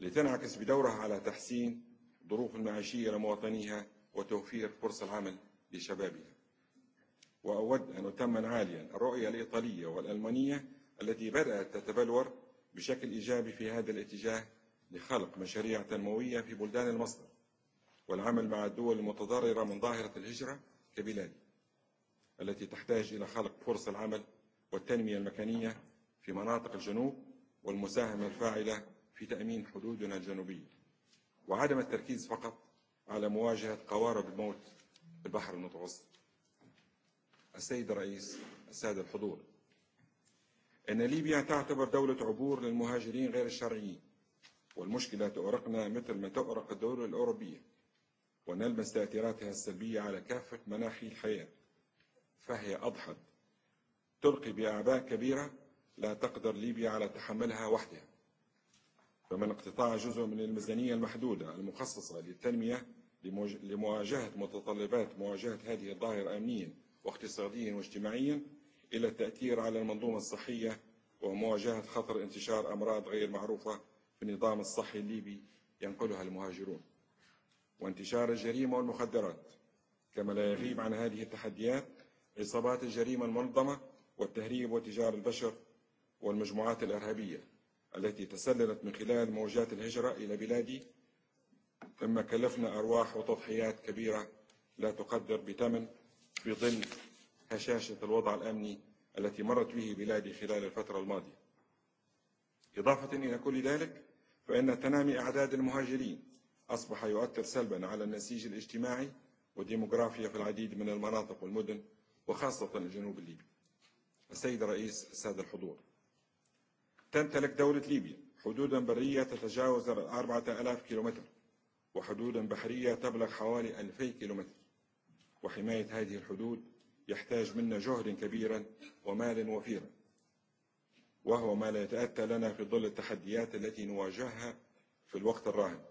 لتنعكس بدورها على تحسين ظروف المعيشية لمواطنيها وتوفير فرص العمل لشبابها وأود أن أتمن عاليا الرؤية الإيطالية والألمانية التي بدأت تتبلور بشكل إيجابي في هذا الاتجاه لخلق مشاريع تنموية في بلدان المصدر والعمل مع الدول المتضررة من ظاهرة الهجرة كبلاد التي تحتاج إلى خلق فرص العمل والتنمية المكانية في مناطق الجنوب والمساهمة الفاعلة في تأمين حدودنا الجنوبية وعدم التركيز فقط على مواجهة قوارب الموت في البحر المتوسط السيد الرئيس السادة الحضور أن ليبيا تعتبر دولة عبور للمهاجرين غير الشرعيين والمشكلة تؤرقنا مثل ما تؤرق الدول الأوروبية ونلمس تأثيراتها السلبية على كافة مناحي الحياة فهي أضحت تلقي بأعباء كبيرة لا تقدر ليبيا على تحملها وحدها فمن اقتطاع جزء من الميزانية المحدودة المخصصة للتنمية لمواجهة متطلبات مواجهة هذه الظاهرة أمنيا واقتصاديا واجتماعيا إلى التأثير على المنظومة الصحية ومواجهة خطر انتشار أمراض غير معروفة في النظام الصحي الليبي ينقلها المهاجرون وانتشار الجريمة والمخدرات كما لا يغيب عن هذه التحديات عصابات الجريمة المنظمة والتهريب وتجار البشر والمجموعات الإرهابية التي تسللت من خلال موجات الهجرة إلى بلادي مما كلفنا أرواح وتضحيات كبيرة لا تقدر بثمن في ظل هشاشة الوضع الأمني التي مرت به بلادي خلال الفترة الماضية إضافة إلى كل ذلك فإن تنامي أعداد المهاجرين أصبح يؤثر سلبا على النسيج الاجتماعي والديموغرافيا في العديد من المناطق والمدن وخاصة الجنوب الليبي السيد رئيس السادة الحضور تمتلك دولة ليبيا حدودا برية تتجاوز 4000 كيلومتر وحدودا بحرية تبلغ حوالي 2000 كيلومتر وحماية هذه الحدود يحتاج منا جهد كبيرا ومال وفيرا وهو ما لا يتأتى لنا في ظل التحديات التي نواجهها في الوقت الراهن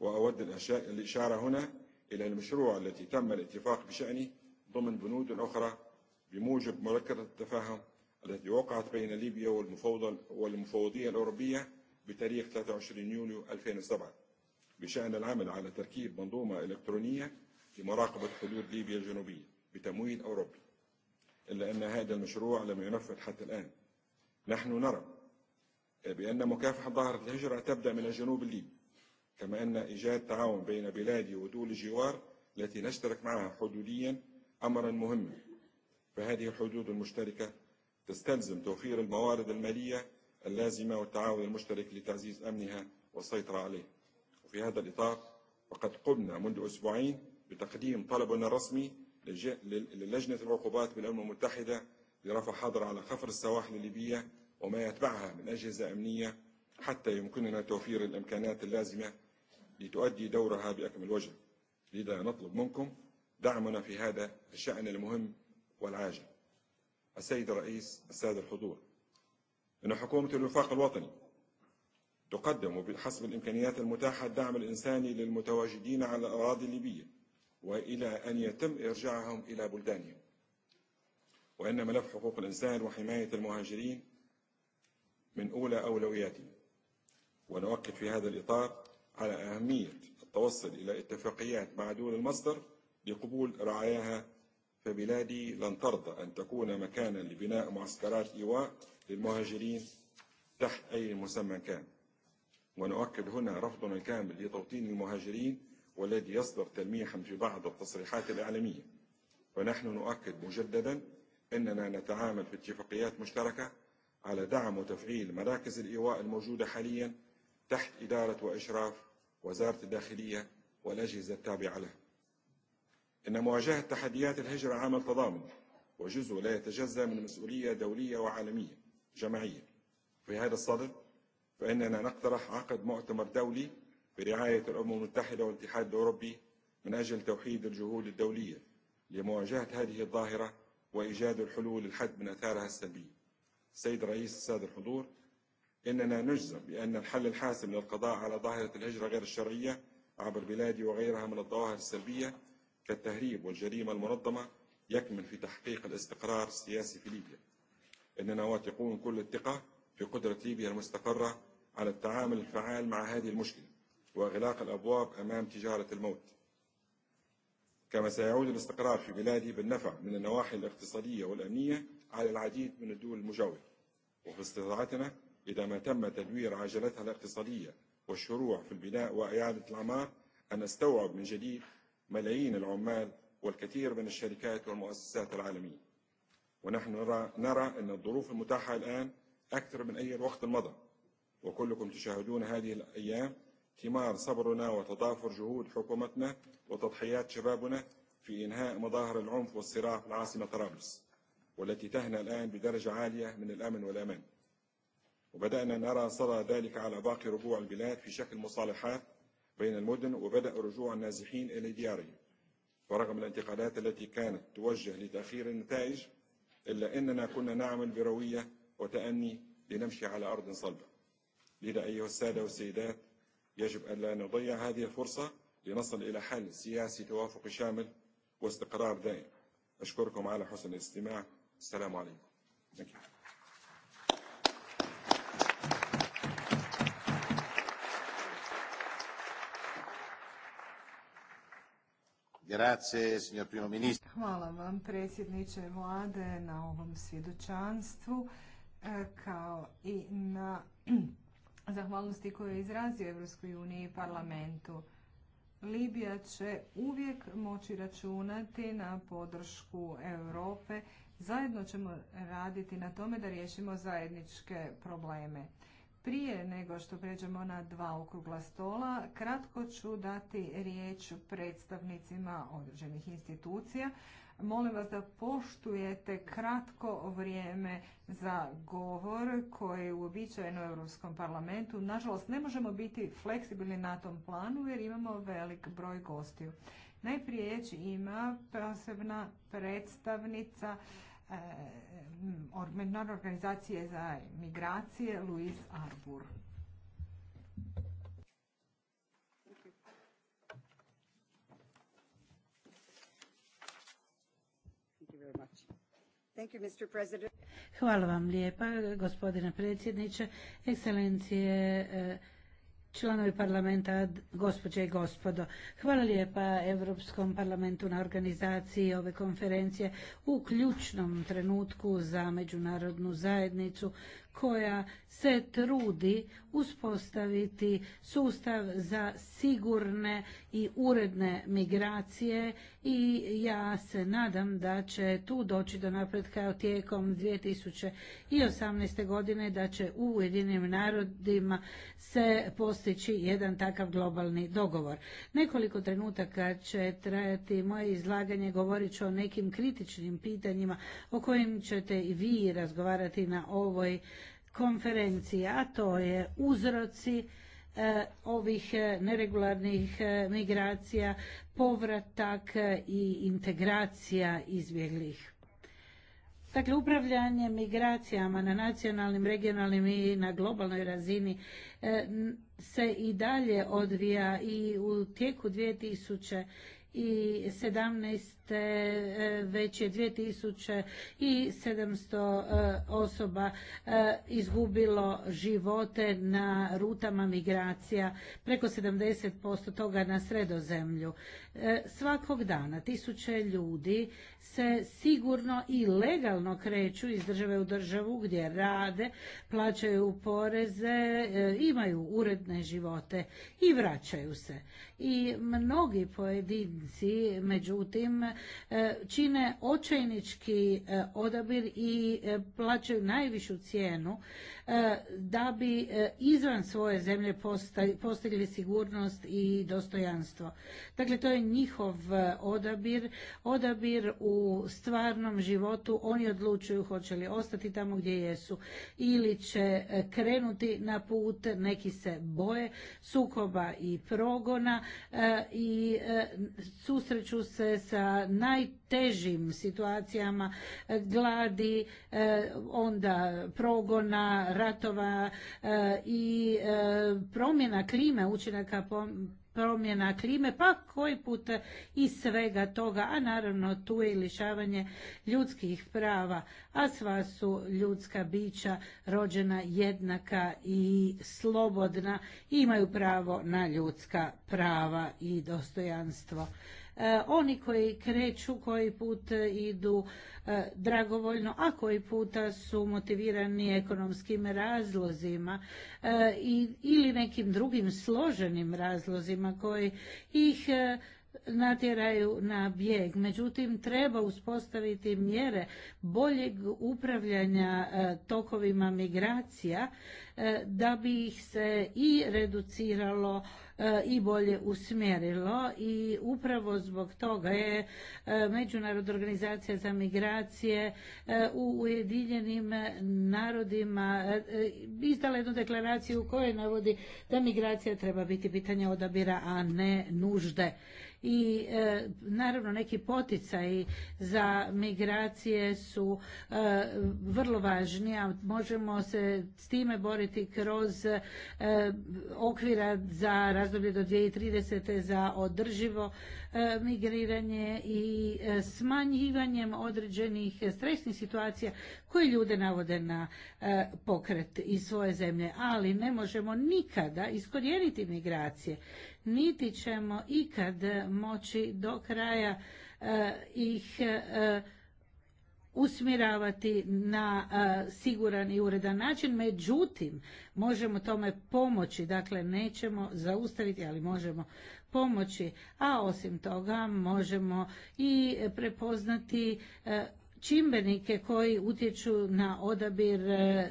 وأود الإشارة هنا إلى المشروع التي تم الاتفاق بشأنه ضمن بنود أخرى بموجب مركز التفاهم التي وقعت بين ليبيا والمفوضة والمفوضية الأوروبية بتاريخ 23 يوليو 2007 بشأن العمل على تركيب منظومة إلكترونية لمراقبة حدود ليبيا الجنوبية بتمويل أوروبي إلا أن هذا المشروع لم ينفذ حتى الآن نحن نرى بأن مكافحة ظاهرة الهجرة تبدأ من الجنوب الليبي كما أن إيجاد تعاون بين بلادي ودول الجوار التي نشترك معها حدوديا أمرا مهما فهذه الحدود المشتركة تستلزم توفير الموارد المالية اللازمة والتعاون المشترك لتعزيز أمنها والسيطرة عليه وفي هذا الإطار فقد قمنا منذ أسبوعين بتقديم طلبنا الرسمي للجنة العقوبات بالأمم المتحدة لرفع حظر على خفر السواحل الليبية وما يتبعها من أجهزة أمنية حتى يمكننا توفير الإمكانات اللازمة لتؤدي دورها بأكمل وجه لذا نطلب منكم دعمنا في هذا الشأن المهم والعاجل السيد الرئيس السادة الحضور أن حكومة الوفاق الوطني تقدم بحسب الإمكانيات المتاحة الدعم الإنساني للمتواجدين على الأراضي الليبية وإلى أن يتم إرجاعهم إلى بلدانهم وإن ملف حقوق الإنسان وحماية المهاجرين من أولى أولوياتنا ونؤكد في هذا الإطار على أهمية التوصل إلى اتفاقيات مع دول المصدر لقبول رعاياها فبلادي لن ترضى أن تكون مكانا لبناء معسكرات إيواء للمهاجرين تحت أي مسمى كان ونؤكد هنا رفضنا الكامل لتوطين المهاجرين والذي يصدر تلميحا في بعض التصريحات الإعلامية ونحن نؤكد مجددا أننا نتعامل في اتفاقيات مشتركة على دعم وتفعيل مراكز الإيواء الموجودة حاليا تحت إدارة وإشراف وزارة الداخلية والأجهزة التابعة لها إن مواجهة تحديات الهجرة عمل تضامن وجزء لا يتجزا من مسؤولية دولية وعالمية جماعية في هذا الصدد فإننا نقترح عقد مؤتمر دولي برعاية الأمم المتحدة والاتحاد الأوروبي من أجل توحيد الجهود الدولية لمواجهة هذه الظاهرة وإيجاد الحلول للحد من أثارها السلبية سيد رئيس السادة الحضور إننا نجزم بأن الحل الحاسم للقضاء على ظاهرة الهجرة غير الشرعية عبر بلادي وغيرها من الظواهر السلبية كالتهريب والجريمة المنظمة يكمن في تحقيق الاستقرار السياسي في ليبيا إننا واثقون كل الثقة في قدرة ليبيا المستقرة على التعامل الفعال مع هذه المشكلة وإغلاق الأبواب أمام تجارة الموت كما سيعود الاستقرار في بلادي بالنفع من النواحي الاقتصادية والأمنية على العديد من الدول المجاورة وفي استطاعتنا إذا ما تم تدوير عجلتها الاقتصادية والشروع في البناء وإعادة العمار أن نستوعب من جديد ملايين العمال والكثير من الشركات والمؤسسات العالمية ونحن نرى أن الظروف المتاحة الآن أكثر من أي وقت مضى وكلكم تشاهدون هذه الأيام ثمار صبرنا وتضافر جهود حكومتنا وتضحيات شبابنا في إنهاء مظاهر العنف والصراع في العاصمة طرابلس والتي تهنى الآن بدرجة عالية من الأمن والأمان وبدأنا نرى صدى ذلك على باقي ربوع البلاد في شكل مصالحات بين المدن وبدأ رجوع النازحين إلى ديارهم ورغم الانتقادات التي كانت توجه لتأخير النتائج إلا اننا كنا نعمل بروية وتأني لنمشي على أرض صلبة لذا أيها السادة والسيدات يجب أن لا نضيع هذه الفرصة لنصل إلى حل سياسي توافق شامل واستقرار دائم أشكركم على حسن الاستماع السلام عليكم Thank Hvala vam predsjedniče vlade na ovom svjedočanstvu e, kao i na zahvalnosti koju je izrazio Europskoj uniji i parlamentu. Libija će uvijek moći računati na podršku Europe. Zajedno ćemo raditi na tome da riješimo zajedničke probleme. Prije nego što pređemo na dva okrugla stola, kratko ću dati riječ predstavnicima određenih institucija. Molim vas da poštujete kratko vrijeme za govor koji je uobičajeno u Europskom parlamentu. Nažalost, ne možemo biti fleksibilni na tom planu jer imamo velik broj gostiju. Najprije ima posebna predstavnica Eh, Međunarodne organizacije za migracije Luis Arbur. Hvala vam lijepa, gospodine predsjedniče, ekscelencije, eh, članovi parlamenta, gospođe i gospodo. Hvala lijepa Europskom parlamentu na organizaciji ove konferencije u ključnom trenutku za međunarodnu zajednicu koja se trudi uspostaviti sustav za sigurne i uredne migracije i ja se nadam da će tu doći do napretka tijekom 2018. godine da će u Ujedinim narodima se postići jedan takav globalni dogovor. Nekoliko trenutaka će trajati moje izlaganje, govorit ću o nekim kritičnim pitanjima o kojim ćete i vi razgovarati na ovoj konferencija, a to je uzroci e, ovih e, neregularnih e, migracija, povratak i integracija izbjeglih. Dakle, upravljanje migracijama na nacionalnim, regionalnim i na globalnoj razini se i dalje odvija i u tijeku 2017 te e, već je 2700 e, osoba e, izgubilo živote na rutama migracija, preko 70% toga na sredozemlju. Svakog dana tisuće ljudi se sigurno i legalno kreću iz države u državu gdje rade, plaćaju poreze, imaju uredne živote i vraćaju se. I mnogi pojedinci, međutim, E, čine očajnički e, odabir i e, plaćaju najvišu cijenu E, da bi e, izvan svoje zemlje postigli sigurnost i dostojanstvo. Dakle, to je njihov e, odabir, odabir u stvarnom životu, oni odlučuju hoće li ostati tamo gdje jesu ili će krenuti na put, neki se boje sukoba i progona i susreću se sa naj težim situacijama e, gladi, e, onda progona, ratova e, i promjena klime, učinaka promjena klime, pa koji put i svega toga, a naravno tu je i lišavanje ljudskih prava, a sva su ljudska bića rođena jednaka i slobodna i imaju pravo na ljudska prava i dostojanstvo. E, oni koji kreću, koji put e, idu e, dragovoljno, a koji puta su motivirani ekonomskim razlozima ili nekim drugim složenim razlozima koji ih natjeraju na bijeg. Međutim, treba uspostaviti mjere boljeg upravljanja tokovima migracija da bi ih se i reduciralo E, i bolje usmjerilo i upravo zbog toga je e, Međunarodna organizacija za migracije e, u Ujedinjenim narodima izdala jednu deklaraciju u kojoj navodi da migracija treba biti pitanje odabira, a ne nužde i e, naravno neki poticaji za migracije su e, vrlo važni, a možemo se s time boriti kroz e, okvira za razdoblje do 2030. za održivo e, migriranje i smanjivanjem određenih stresnih situacija koje ljude navode na pokret iz svoje zemlje, ali ne možemo nikada iskorijeniti migracije niti ćemo ikad moći do kraja e, ih e, usmjeravati na e, siguran i uredan način, međutim možemo tome pomoći, dakle nećemo zaustaviti, ali možemo pomoći, a osim toga možemo i prepoznati čimbenike koji utječu na odabir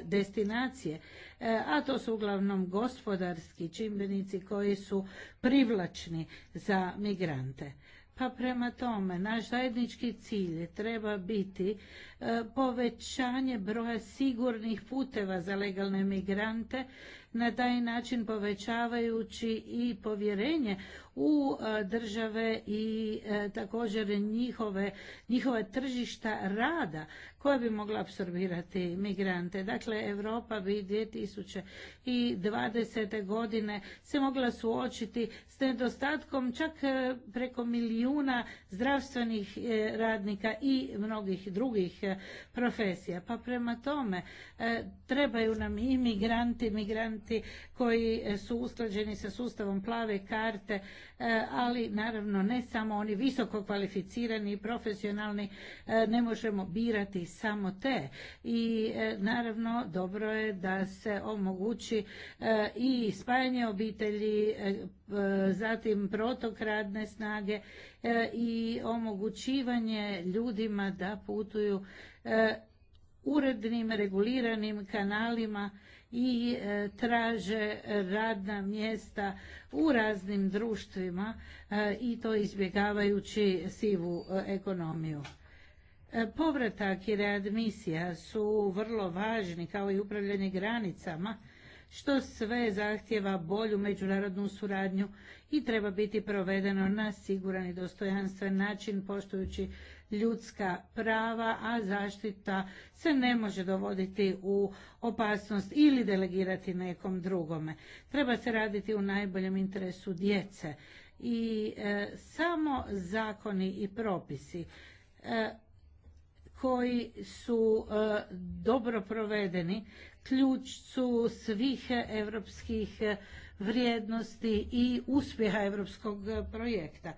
destinacije E, a to su uglavnom gospodarski čimbenici koji su privlačni za migrante. Pa prema tome, naš zajednički cilj treba biti e, povećanje broja sigurnih puteva za legalne migrante na taj način povećavajući i povjerenje u države i e, također njihove, njihova tržišta rada koja bi mogla apsorbirati migrante. Dakle, Europa bi 2020. godine se mogla suočiti s nedostatkom čak e, preko milijuna zdravstvenih e, radnika i mnogih drugih profesija. Pa prema tome, trebaju nam i migranti, migranti koji e, su usklađeni sa sustavom plave karte, e, ali naravno ne samo oni visoko kvalificirani i profesionalni, e, ne možemo birati samo te. I naravno dobro je da se omogući i spajanje obitelji, zatim protok radne snage i omogućivanje ljudima da putuju urednim reguliranim kanalima i e, traže radna mjesta u raznim društvima e, i to izbjegavajući sivu e, ekonomiju. Povratak i readmisija su vrlo važni kao i upravljanje granicama što sve zahtjeva bolju međunarodnu suradnju i treba biti provedeno na siguran i dostojanstven način poštujući ljudska prava, a zaštita se ne može dovoditi u opasnost ili delegirati nekom drugome. Treba se raditi u najboljem interesu djece i e, samo zakoni i propisi e, koji su e, dobro provedeni ključ su svih europskih vrijednosti i uspjeha europskog projekta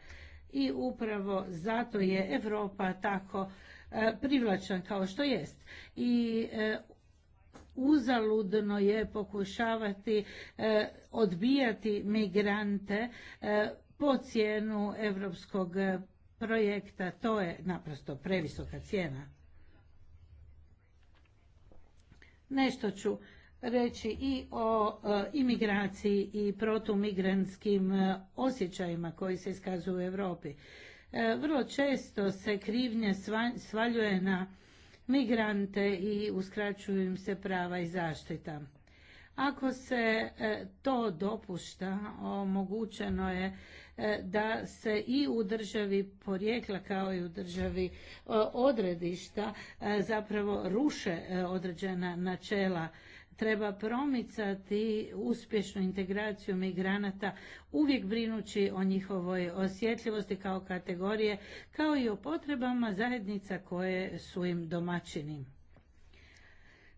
i upravo zato je Europa tako e, privlačna kao što jest. I e, uzaludno je pokušavati e, odbijati migrante po cijenu europskog projekta. To je naprosto previsoka cijena. Nešto ću reći i o e, imigraciji i protumigranskim e, osjećajima koji se iskazuju u Europi. E, vrlo često se krivnje svaljuje na migrante i uskraćuju im se prava i zaštita. Ako se to dopušta, omogućeno je da se i u državi porijekla kao i u državi odredišta zapravo ruše određena načela treba promicati uspješnu integraciju migranata uvijek brinući o njihovoj osjetljivosti kao kategorije kao i o potrebama zajednica koje su im domaćini.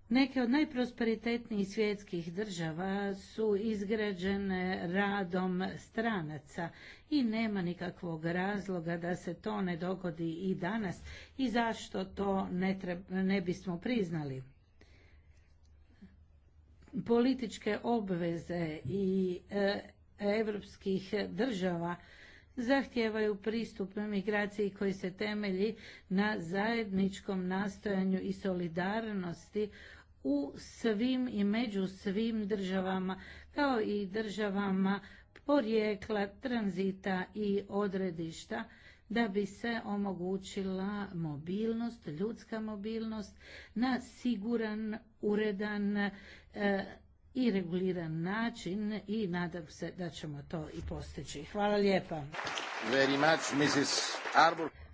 Neke od najprosperitetnijih svjetskih država su izgrađene radom stranaca i nema nikakvog razloga da se to ne dogodi i danas i zašto to ne, bismo priznali političke obveze i europskih država zahtijevaju pristup migraciji koji se temelji na zajedničkom nastojanju i solidarnosti u svim i među svim državama kao i državama porijekla, tranzita i odredišta da bi se omogućila mobilnost, ljudska mobilnost na siguran, uredan E, i reguliran način i nadam se da ćemo to i postići. Hvala lijepa.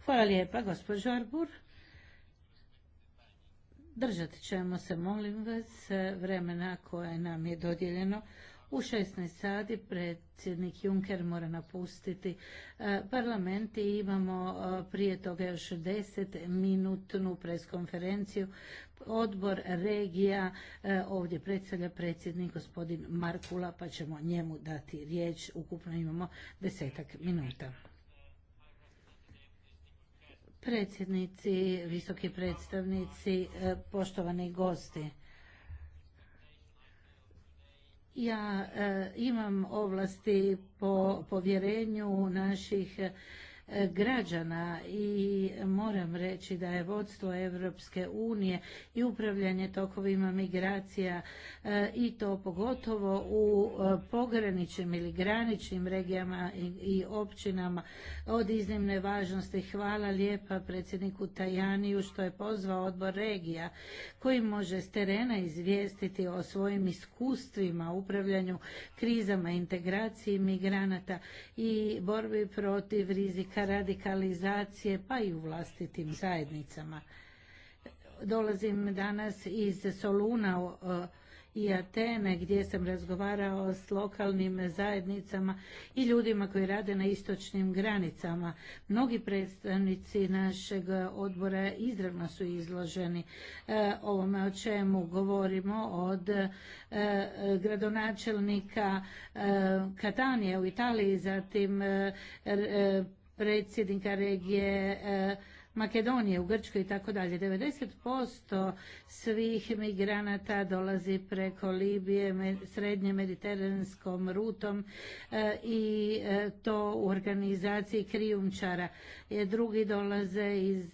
Hvala lijepa, gospođo Arbur. Držat ćemo se, molim vas, vremena koje nam je dodijeljeno. U 16 sati predsjednik Juncker mora napustiti e, parlament i imamo e, prije toga još 10-minutnu preskonferenciju. Odbor regija e, ovdje predstavlja predsjednik gospodin Markula pa ćemo njemu dati riječ. Ukupno imamo desetak minuta predsjednici, visoki predstavnici, poštovani gosti. Ja e, imam ovlasti po povjerenju naših građana i moram reći da je vodstvo Europske unije i upravljanje tokovima migracija e, i to pogotovo u e, pograničnim ili graničnim regijama i općinama od iznimne važnosti. Hvala lijepa predsjedniku Tajaniju što je pozvao odbor regija koji može s terena izvijestiti o svojim iskustvima upravljanju krizama, integraciji migranata i borbi protiv rizika oblika radikalizacije pa i u vlastitim zajednicama. Dolazim danas iz Soluna e, i Atene gdje sam razgovarao s lokalnim zajednicama i ljudima koji rade na istočnim granicama. Mnogi predstavnici našeg odbora izravno su izloženi e, ovome o čemu govorimo od e, gradonačelnika Katanije u Italiji, zatim predsjednika regije e, Makedonije, u Grčkoj i tako dalje. 90% svih migranata dolazi preko Libije, srednje mediteranskom rutom e, i e, to u organizaciji krijumčara. E, drugi dolaze iz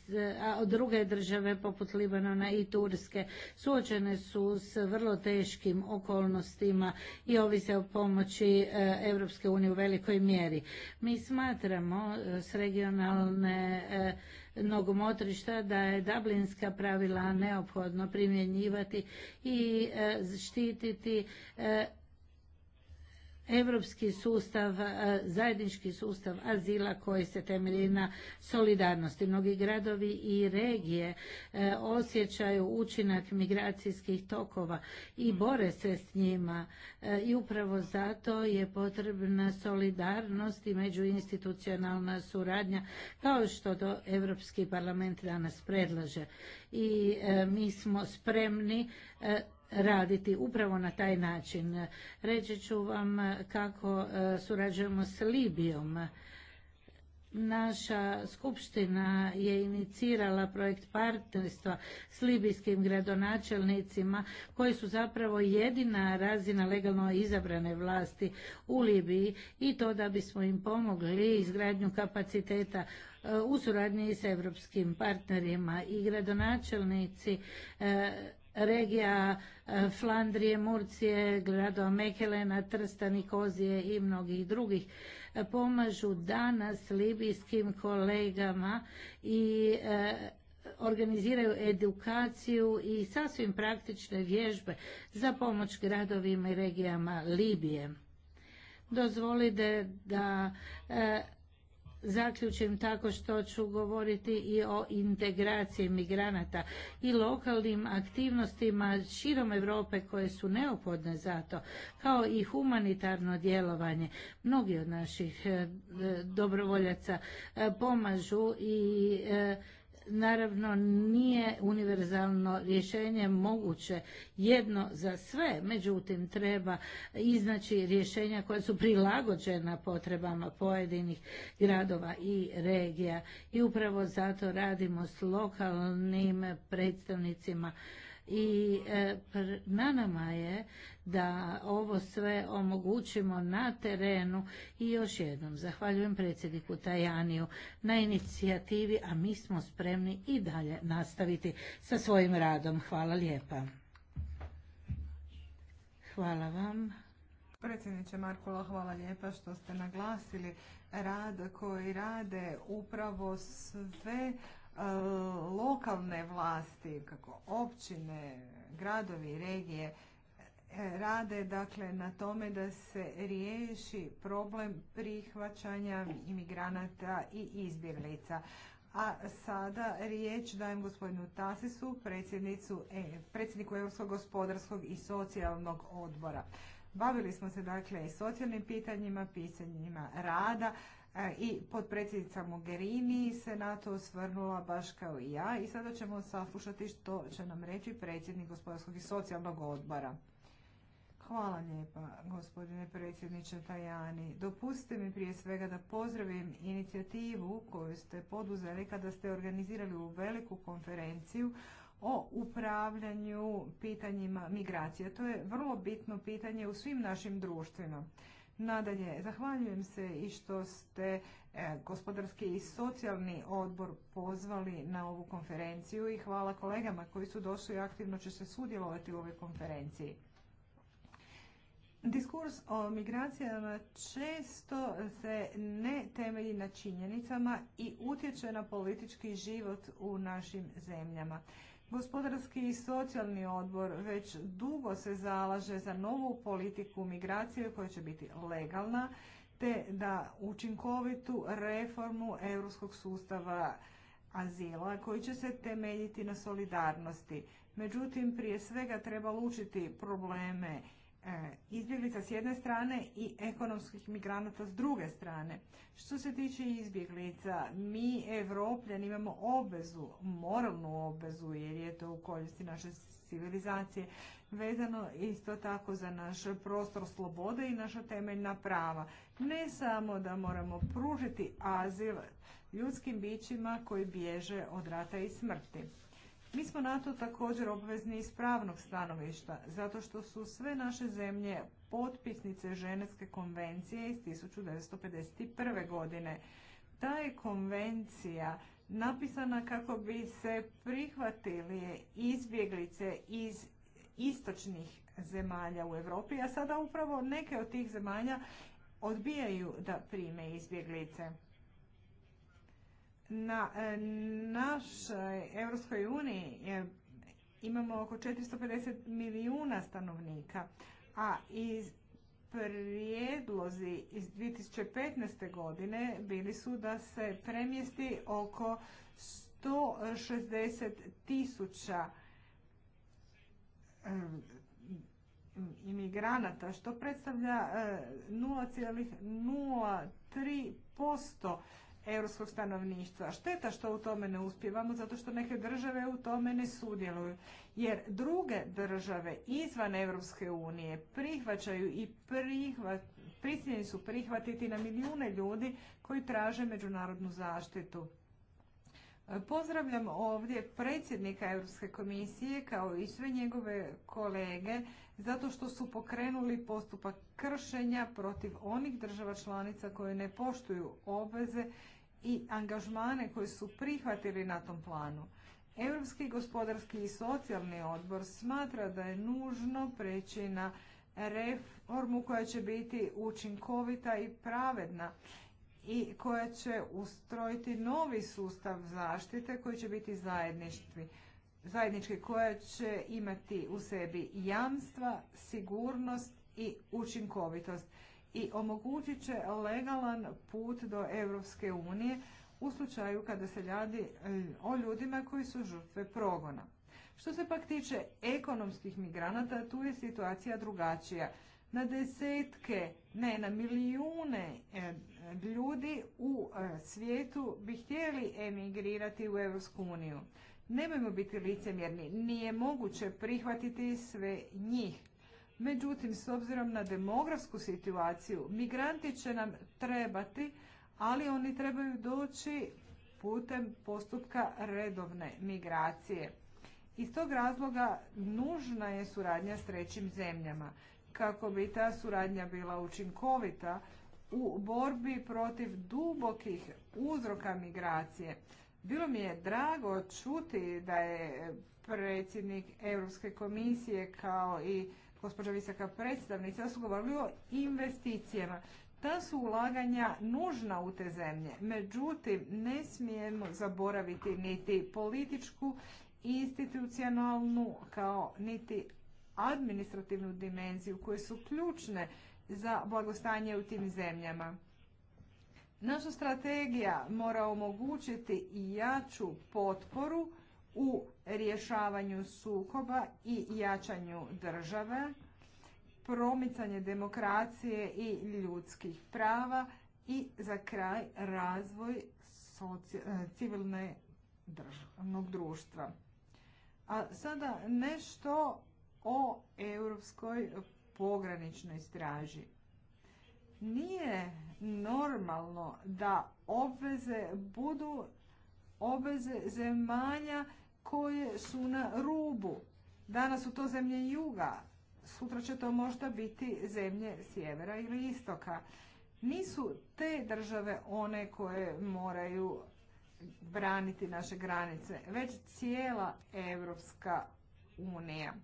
druge države poput Libanona i Turske. Suočene su s vrlo teškim okolnostima i ovise o pomoći Europske unije u velikoj mjeri. Mi smatramo s regionalne nogomotrišta da je dublinska pravila neophodno primjenjivati i e, štititi e, europski sustav, e, zajednički sustav azila koji se temelji na solidarnosti. Mnogi gradovi i regije e, osjećaju učinak migracijskih tokova i bore se s njima e, i upravo zato je potrebna solidarnost i međuinstitucionalna suradnja kao što to Europski parlament danas predlaže. I mi smo spremni raditi upravo na taj način. Reći ću vam kako e, surađujemo s Libijom. Naša skupština je inicirala projekt partnerstva s libijskim gradonačelnicima koji su zapravo jedina razina legalno izabrane vlasti u Libiji i to da bismo im pomogli izgradnju kapaciteta e, u suradnji s evropskim partnerima i gradonačelnici e, regija e, Flandrije, Murcije, gradova Mekelena, Trsta, Kozije i mnogih drugih e, pomažu danas libijskim kolegama i e, organiziraju edukaciju i sasvim praktične vježbe za pomoć gradovima i regijama Libije. Dozvolite da zaključim tako što ću govoriti i o integraciji migranata i lokalnim aktivnostima širom Europe koje su neophodne za to, kao i humanitarno djelovanje. Mnogi od naših eh, dobrovoljaca eh, pomažu i eh, naravno nije univerzalno rješenje moguće jedno za sve, međutim treba iznaći rješenja koja su prilagođena potrebama pojedinih gradova i regija i upravo zato radimo s lokalnim predstavnicima i e, na nama je da ovo sve omogućimo na terenu i još jednom zahvaljujem predsjedniku Tajaniju na inicijativi, a mi smo spremni i dalje nastaviti sa svojim radom. Hvala lijepa. Hvala vam. Predsjedniče Markula, hvala lijepa što ste naglasili rad koji rade upravo sve E, lokalne vlasti, kako općine, gradovi, regije, e, rade dakle na tome da se riješi problem prihvaćanja imigranata i izbjeglica. A sada riječ dajem gospodinu Tasisu, e, predsjedniku Europskog gospodarskog i socijalnog odbora. Bavili smo se dakle i socijalnim pitanjima, pitanjima rada, E, i potpredsjednica Mogherini se na to osvrnula baš kao i ja i sada ćemo saslušati što će nam reći predsjednik gospodarskog i socijalnog odbora. Hvala lijepa, gospodine predsjedniče Tajani. Dopustite mi prije svega da pozdravim inicijativu koju ste poduzeli kada ste organizirali u veliku konferenciju o upravljanju pitanjima migracije. To je vrlo bitno pitanje u svim našim društvima. Nadalje, zahvaljujem se i što ste e, gospodarski i socijalni odbor pozvali na ovu konferenciju i hvala kolegama koji su došli i aktivno će se sudjelovati u ovoj konferenciji. Diskurs o migracijama često se ne temelji na činjenicama i utječe na politički život u našim zemljama. Gospodarski i socijalni odbor već dugo se zalaže za novu politiku migracije koja će biti legalna te da učinkovitu reformu europskog sustava azila koji će se temeljiti na solidarnosti. Međutim, prije svega treba lučiti probleme E, izbjeglica s jedne strane i ekonomskih migranata s druge strane. Što se tiče izbjeglica, mi Evropljani imamo obvezu, moralnu obvezu jer je to u koristi naše civilizacije, vezano isto tako za naš prostor slobode i naša temeljna prava. Ne samo da moramo pružiti azil ljudskim bićima koji bježe od rata i smrti. Mi smo na to također obvezni iz pravnog stanovišta, zato što su sve naše zemlje potpisnice Ženevske konvencije iz 1951. godine. Ta je konvencija napisana kako bi se prihvatili izbjeglice iz istočnih zemalja u Europi, a sada upravo neke od tih zemalja odbijaju da prime izbjeglice na e, našoj Evropskoj uniji e, imamo oko 450 milijuna stanovnika, a iz prijedlozi iz 2015. godine bili su da se premjesti oko 160 tisuća e, imigranata, što predstavlja 0,03% europskog stanovništva. Šteta što u tome ne uspjevamo zato što neke države u tome ne sudjeluju. Jer druge države izvan Europske unije prihvaćaju i prihvat, prisiljeni su prihvatiti na milijune ljudi koji traže međunarodnu zaštitu. Pozdravljam ovdje predsjednika Europske komisije kao i sve njegove kolege zato što su pokrenuli postupak kršenja protiv onih država članica koje ne poštuju obveze i angažmane koji su prihvatili na tom planu. Europski gospodarski i socijalni odbor smatra da je nužno preći na reformu koja će biti učinkovita i pravedna i koja će ustrojiti novi sustav zaštite koji će biti zajednički, zajednički koja će imati u sebi jamstva, sigurnost i učinkovitost i omogućit će legalan put do Europske unije u slučaju kada se radi e, o ljudima koji su žrtve progona. Što se pak tiče ekonomskih migranata, tu je situacija drugačija. Na desetke, ne, na milijune e, ljudi u e, svijetu bi htjeli emigrirati u Europsku uniju. Nemojmo biti licemjerni, nije moguće prihvatiti sve njih. Međutim, s obzirom na demografsku situaciju, migranti će nam trebati, ali oni trebaju doći putem postupka redovne migracije. Iz tog razloga nužna je suradnja s trećim zemljama. Kako bi ta suradnja bila učinkovita u borbi protiv dubokih uzroka migracije. Bilo mi je drago čuti da je predsjednik Europske komisije kao i gospođa visoka predstavnica, su govorili o investicijama. Ta su ulaganja nužna u te zemlje. Međutim, ne smijemo zaboraviti niti političku institucionalnu kao niti administrativnu dimenziju koje su ključne za blagostanje u tim zemljama. Naša strategija mora omogućiti jaču potporu u rješavanju sukoba i jačanju države, promicanje demokracije i ljudskih prava i za kraj razvoj e, civilnog društva. A sada nešto o europskoj pograničnoj straži. Nije normalno da obveze budu obveze zemalja koje su na rubu. Danas su to zemlje juga, sutra će to možda biti zemlje sjevera ili istoka. Nisu te države one koje moraju braniti naše granice, već cijela Evropska unija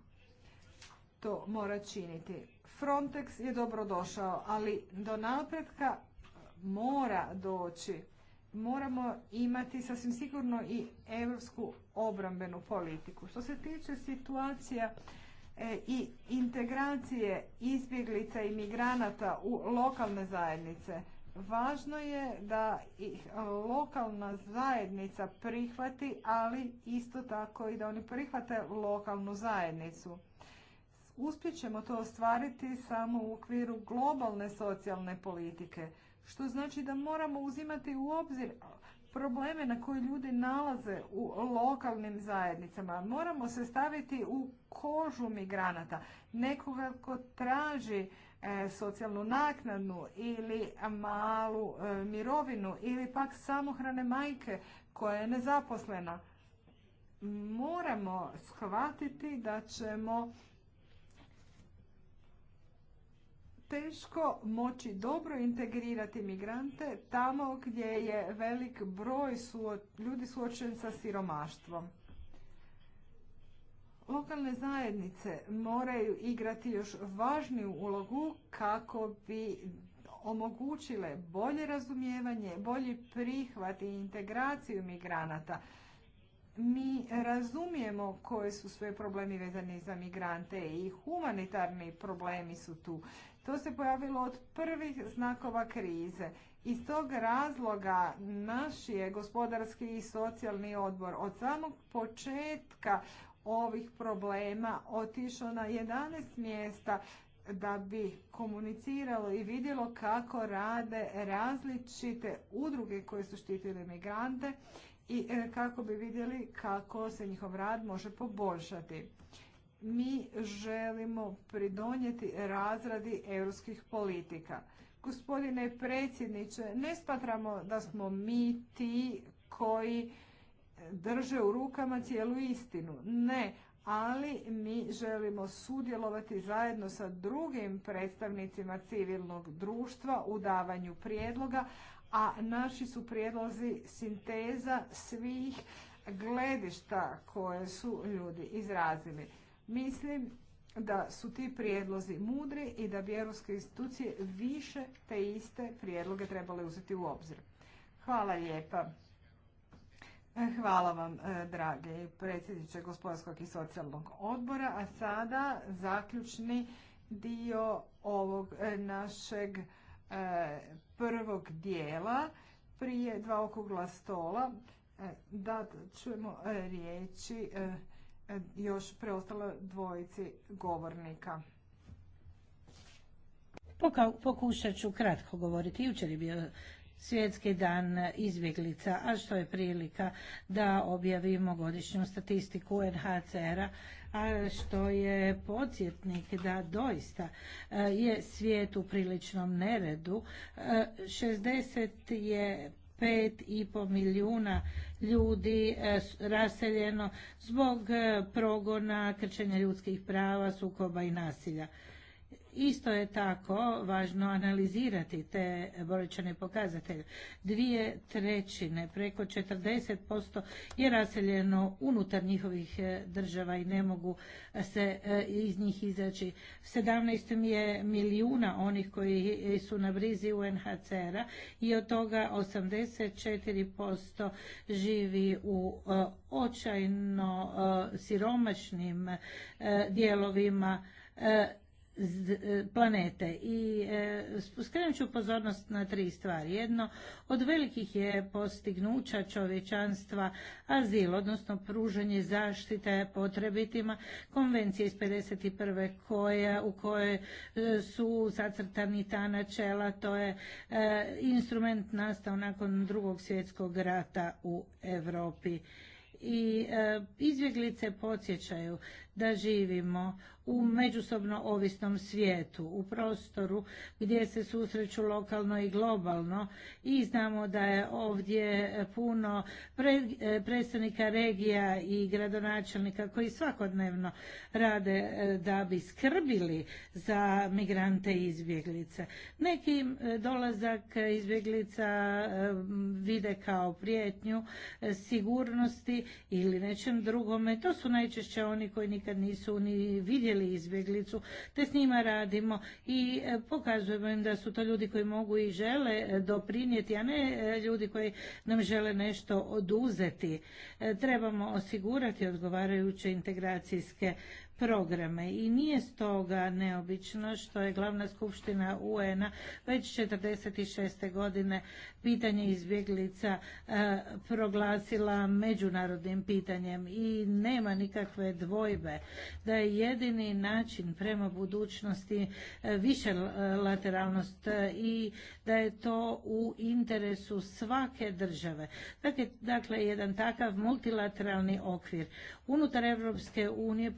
to mora činiti. Frontex je dobro došao, ali do napretka mora doći moramo imati sasvim sigurno i europsku obrambenu politiku. Što se tiče situacija e, i integracije izbjeglica i migranata u lokalne zajednice, važno je da ih lokalna zajednica prihvati, ali isto tako i da oni prihvate lokalnu zajednicu. Uspjećemo ćemo to ostvariti samo u okviru globalne socijalne politike što znači da moramo uzimati u obzir probleme na koje ljudi nalaze u lokalnim zajednicama. Moramo se staviti u kožu migranata, nekoga ko traži e, socijalnu naknadnu ili malu e, mirovinu ili pak samohrane majke koja je nezaposlena. Moramo shvatiti da ćemo teško moći dobro integrirati migrante tamo gdje je velik broj ljudi suočen sa siromaštvom. Lokalne zajednice moraju igrati još važniju ulogu kako bi omogućile bolje razumijevanje, bolji prihvat i integraciju migranata. Mi razumijemo koje su sve problemi vezani za migrante i humanitarni problemi su tu. To se pojavilo od prvih znakova krize. Iz tog razloga naš je gospodarski i socijalni odbor od samog početka ovih problema otišao na 11 mjesta da bi komuniciralo i vidjelo kako rade različite udruge koje su štitile migrante i e, kako bi vidjeli kako se njihov rad može poboljšati mi želimo pridonijeti razradi europskih politika. Gospodine predsjedniče, ne smatramo da smo mi ti koji drže u rukama cijelu istinu. Ne, ali mi želimo sudjelovati zajedno sa drugim predstavnicima civilnog društva u davanju prijedloga, a naši su prijedlozi sinteza svih gledišta koje su ljudi izrazili. Mislim da su ti prijedlozi mudri i da bi europske institucije više te iste prijedloge trebale uzeti u obzir. Hvala lijepa. E, hvala vam, e, drage predsjedniče Gospodarskog i socijalnog odbora. A sada zaključni dio ovog e, našeg prvog dijela prije dva okugla stola. da čujemo riječi E, još preostale dvojici govornika. pokušat ću kratko govoriti. Jučer je bio svjetski dan izbjeglica, a što je prilika da objavimo godišnju statistiku NHCR-a, a što je podsjetnik da doista e, je svijet u priličnom neredu. 60 e, je 5,5 milijuna ljudi e, raseljeno zbog e, progona, krčenja ljudskih prava, sukoba i nasilja. Isto je tako važno analizirati te brojčane pokazatelje. Dvije trećine, preko 40% je raseljeno unutar njihovih e, država i ne mogu e, se e, iz njih izaći. 17 je milijuna onih koji su na brizi UNHCR-a i od toga 84% živi u očajno siromašnim dijelovima E, planete. I e, skrenut ću pozornost na tri stvari. Jedno od velikih je postignuća čovječanstva azil, odnosno pružanje zaštite potrebitima konvencije iz 51. koja u kojoj e, su zacrtani ta načela, to je instrument nastao nakon drugog svjetskog rata u Europi i izvjeglice podsjećaju da živimo u međusobno ovisnom svijetu, u prostoru gdje se susreću lokalno i globalno i znamo da je ovdje puno predstavnika regija i gradonačelnika koji svakodnevno rade e, da bi skrbili za migrante i izbjeglice. Neki dolazak izbjeglica e, vide kao prijetnju e, sigurnosti ili nečem drugome. To su najčešće oni koji nikad nisu ni vidjeli izbjeglicu, te s njima radimo i e, pokazujemo im da su to ljudi koji mogu i žele e, doprinijeti, a ne e, ljudi koji nam žele nešto oduzeti. Trebamo osigurati odgovarajuće integracijske programe i nije stoga neobično što je glavna skupština UN-a već 46. godine pitanje izbjeglica e, proglasila međunarodnim pitanjem i nema nikakve dvojbe da je jedini način prema budućnosti e, više lateralnost e, i da je to u interesu svake države. Dakle, dakle jedan takav multilateralni okvir unutar Europske unije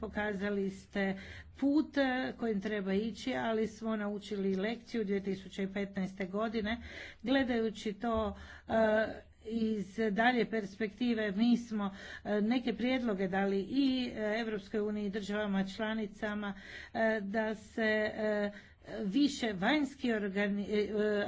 ali ste put kojim treba ići, ali smo naučili lekciju 2015. godine. Gledajući to eh, iz dalje perspektive mi smo eh, neke prijedloge dali i Europskoj eh, uniji i državama članicama da se više vanjski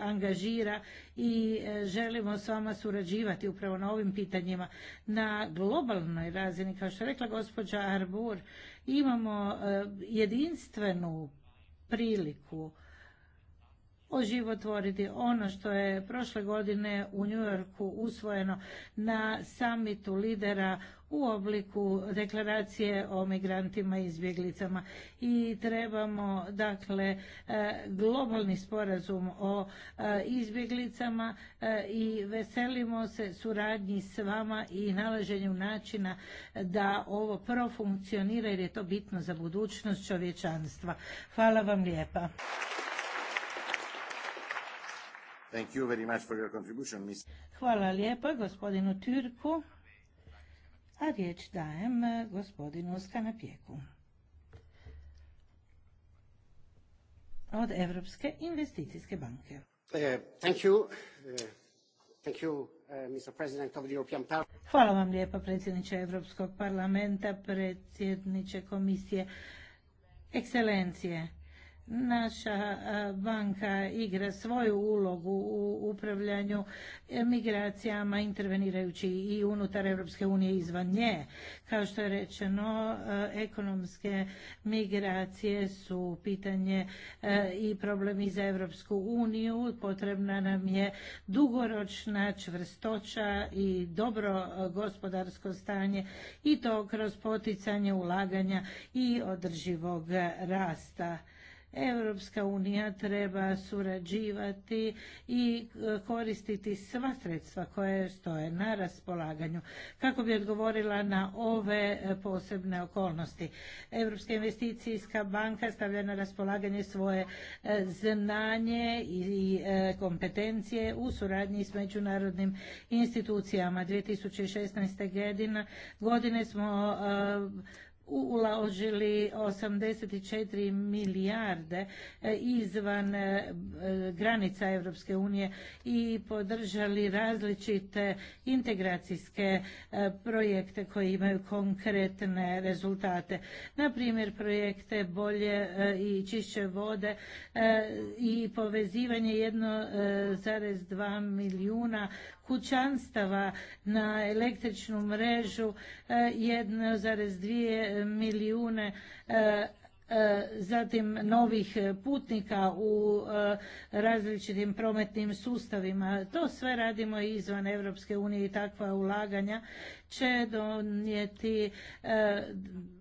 angažira i želimo s vama surađivati upravo na ovim pitanjima. Na globalnoj razini, kao što je rekla gospođa Arbur, imamo e, jedinstvenu priliku oživotvoriti ono što je prošle godine u New Yorku usvojeno na samitu lidera u obliku deklaracije o migrantima i izbjeglicama i trebamo dakle e, globalni sporazum o e, izbjeglicama e, i veselimo se suradnji s vama i nalaženju načina da ovo profunkcionira jer je to bitno za budućnost čovječanstva. Hvala vam lijepa. Thank you very much for your contribution, Hvala lijepa gospodinu turku a riječ dajem e, gospodinu Skanapjeku. Od Europske investicijske banke. Hvala vam lijepa predsjedniče Europskog parlamenta, predsjedniče komisije, ekscelencije naša banka igra svoju ulogu u upravljanju migracijama intervenirajući i unutar Europske unije i izvan nje. Kao što je rečeno, ekonomske migracije su pitanje i problemi za Europsku uniju. Potrebna nam je dugoročna čvrstoća i dobro gospodarsko stanje i to kroz poticanje ulaganja i održivog rasta Europska unija treba surađivati i e, koristiti sva sredstva koje stoje na raspolaganju kako bi odgovorila na ove e, posebne okolnosti. Europska investicijska banka stavlja na raspolaganje svoje e, znanje i kompetencije u suradnji s međunarodnim institucijama. 2016. godine smo uložili 84 milijarde e, izvan e, granica Europske unije i podržali različite integracijske e, projekte koji imaju konkretne rezultate. Na primjer projekte bolje i čišće vode i povezivanje 1,2 milijuna kućanstava na električnu mrežu 1,2 e, milijune e, e, zatim novih putnika u različitim prometnim sustavima. To sve radimo izvan Europske unije i takva ulaganja će donijeti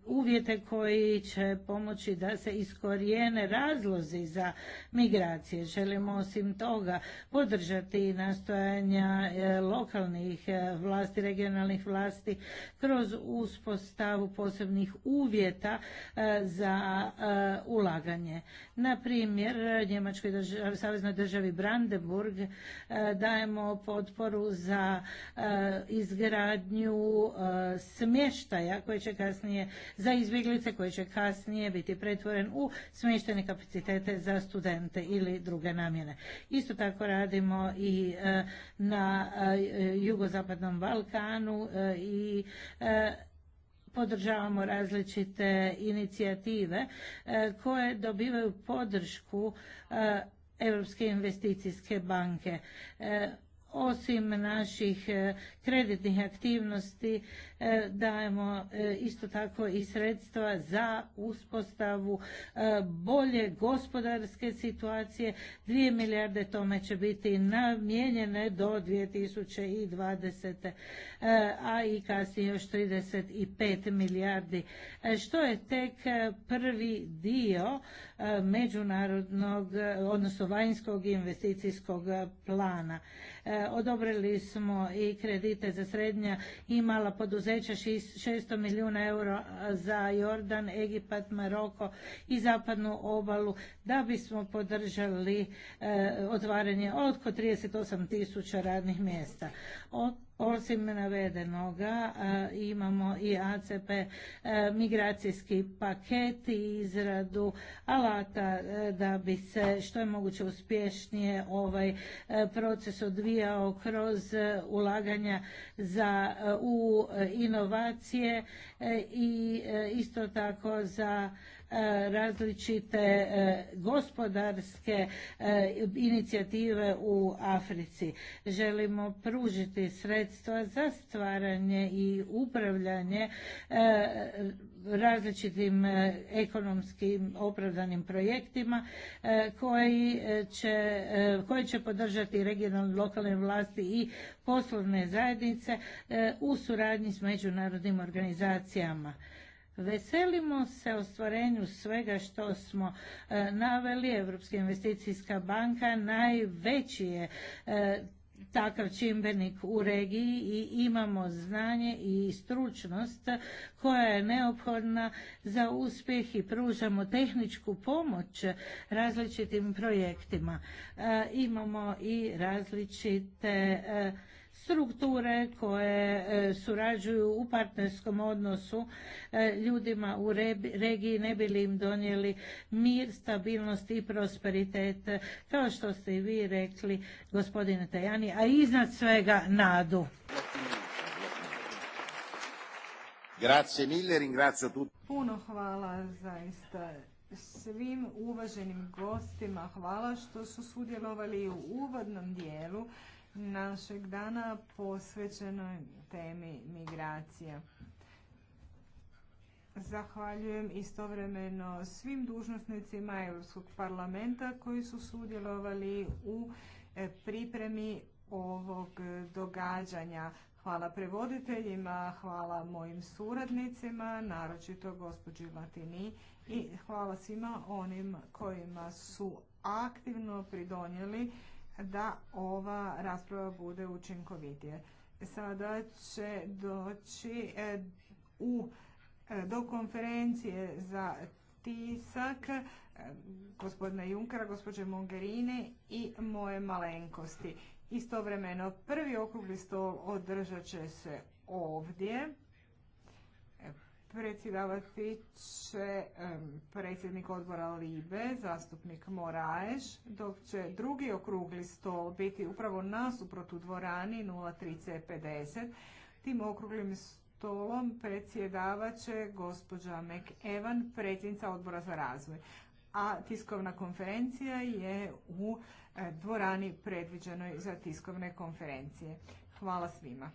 uvjete koji će pomoći da se iskorijene razlozi za migracije. Želimo osim toga podržati nastojanja e, lokalnih e, vlasti, regionalnih vlasti kroz uspostavu posebnih uvjeta e, za ulaganje. Na primjer, Njemačkoj državi, saveznoj državi Brandenburg dajemo potporu za izgradnju smještaja koje će kasnije za izbjeglice koji će kasnije biti pretvoren u smještene kapacitete za studente ili druge namjene. Isto tako radimo i e, na e, jugozapadnom Balkanu e, i podržavamo različite inicijative koje dobivaju podršku Europske investicijske banke. Osim naših kreditnih aktivnosti e, dajemo e, isto tako i sredstva za uspostavu e, bolje gospodarske situacije. 2 milijarde tome će biti namijenjene do 2020. a i kasnije još 35 milijardi. Što je tek prvi dio međunarodnog, odnosno vanjskog investicijskog plana. Odobrili smo i kredit kredite za srednja i mala poduzeća 600 milijuna euro za Jordan, Egipat, Maroko i zapadnu obalu da bismo podržali eh, otvaranje oko 38 tisuća radnih mjesta. Od osim navedenoga imamo i ACP e, migracijski paket i izradu alata e, da bi se što je moguće uspješnije ovaj e, proces odvijao kroz ulaganja za, u inovacije i isto tako za E, različite e, gospodarske e, inicijative u Africi. Želimo pružiti sredstva za stvaranje i upravljanje različitim ekonomskim opravdanim projektima koji će, koje će podržati regionalne lokalne vlasti i poslovne zajednice u suradnji s međunarodnim organizacijama. Veselimo se ostvarenju svega što smo e, naveli. Europska investicijska banka najveći je e, takav čimbenik u regiji i imamo znanje i stručnost koja je neophodna za uspjeh i pružamo tehničku pomoć različitim projektima. E, imamo i različite strukture koje e, surađuju u partnerskom odnosu e, ljudima u regiji ne bi li im donijeli mir, stabilnost i prosperitet, kao što ste i vi rekli, gospodine Tajani, a iznad svega nadu. Puno hvala zaista svim uvaženim gostima. Hvala što su sudjelovali u uvodnom dijelu našeg dana posvećenoj temi migracija. Zahvaljujem istovremeno svim dužnosnicima Europskog parlamenta koji su sudjelovali u e, pripremi ovog događanja. Hvala prevoditeljima, hvala mojim suradnicima, naročito gospođi Latini i hvala svima onim kojima su aktivno pridonijeli da ova rasprava bude učinkovitije. Sada će doći e, e, do konferencije za tisak e, gospodina Junkera, gospođe mongerine i moje malenkosti. Istovremeno prvi okrugli stol održat će se ovdje Predsjedavati će predsjednik odbora Libe, zastupnik Moraeš, dok će drugi okrugli stol biti upravo nasuprot u dvorani 03C50. Tim okruglim stolom predsjedavat će gospođa Evan, predsjednica odbora za razvoj. A tiskovna konferencija je u e, dvorani predviđenoj za tiskovne konferencije. Hvala svima.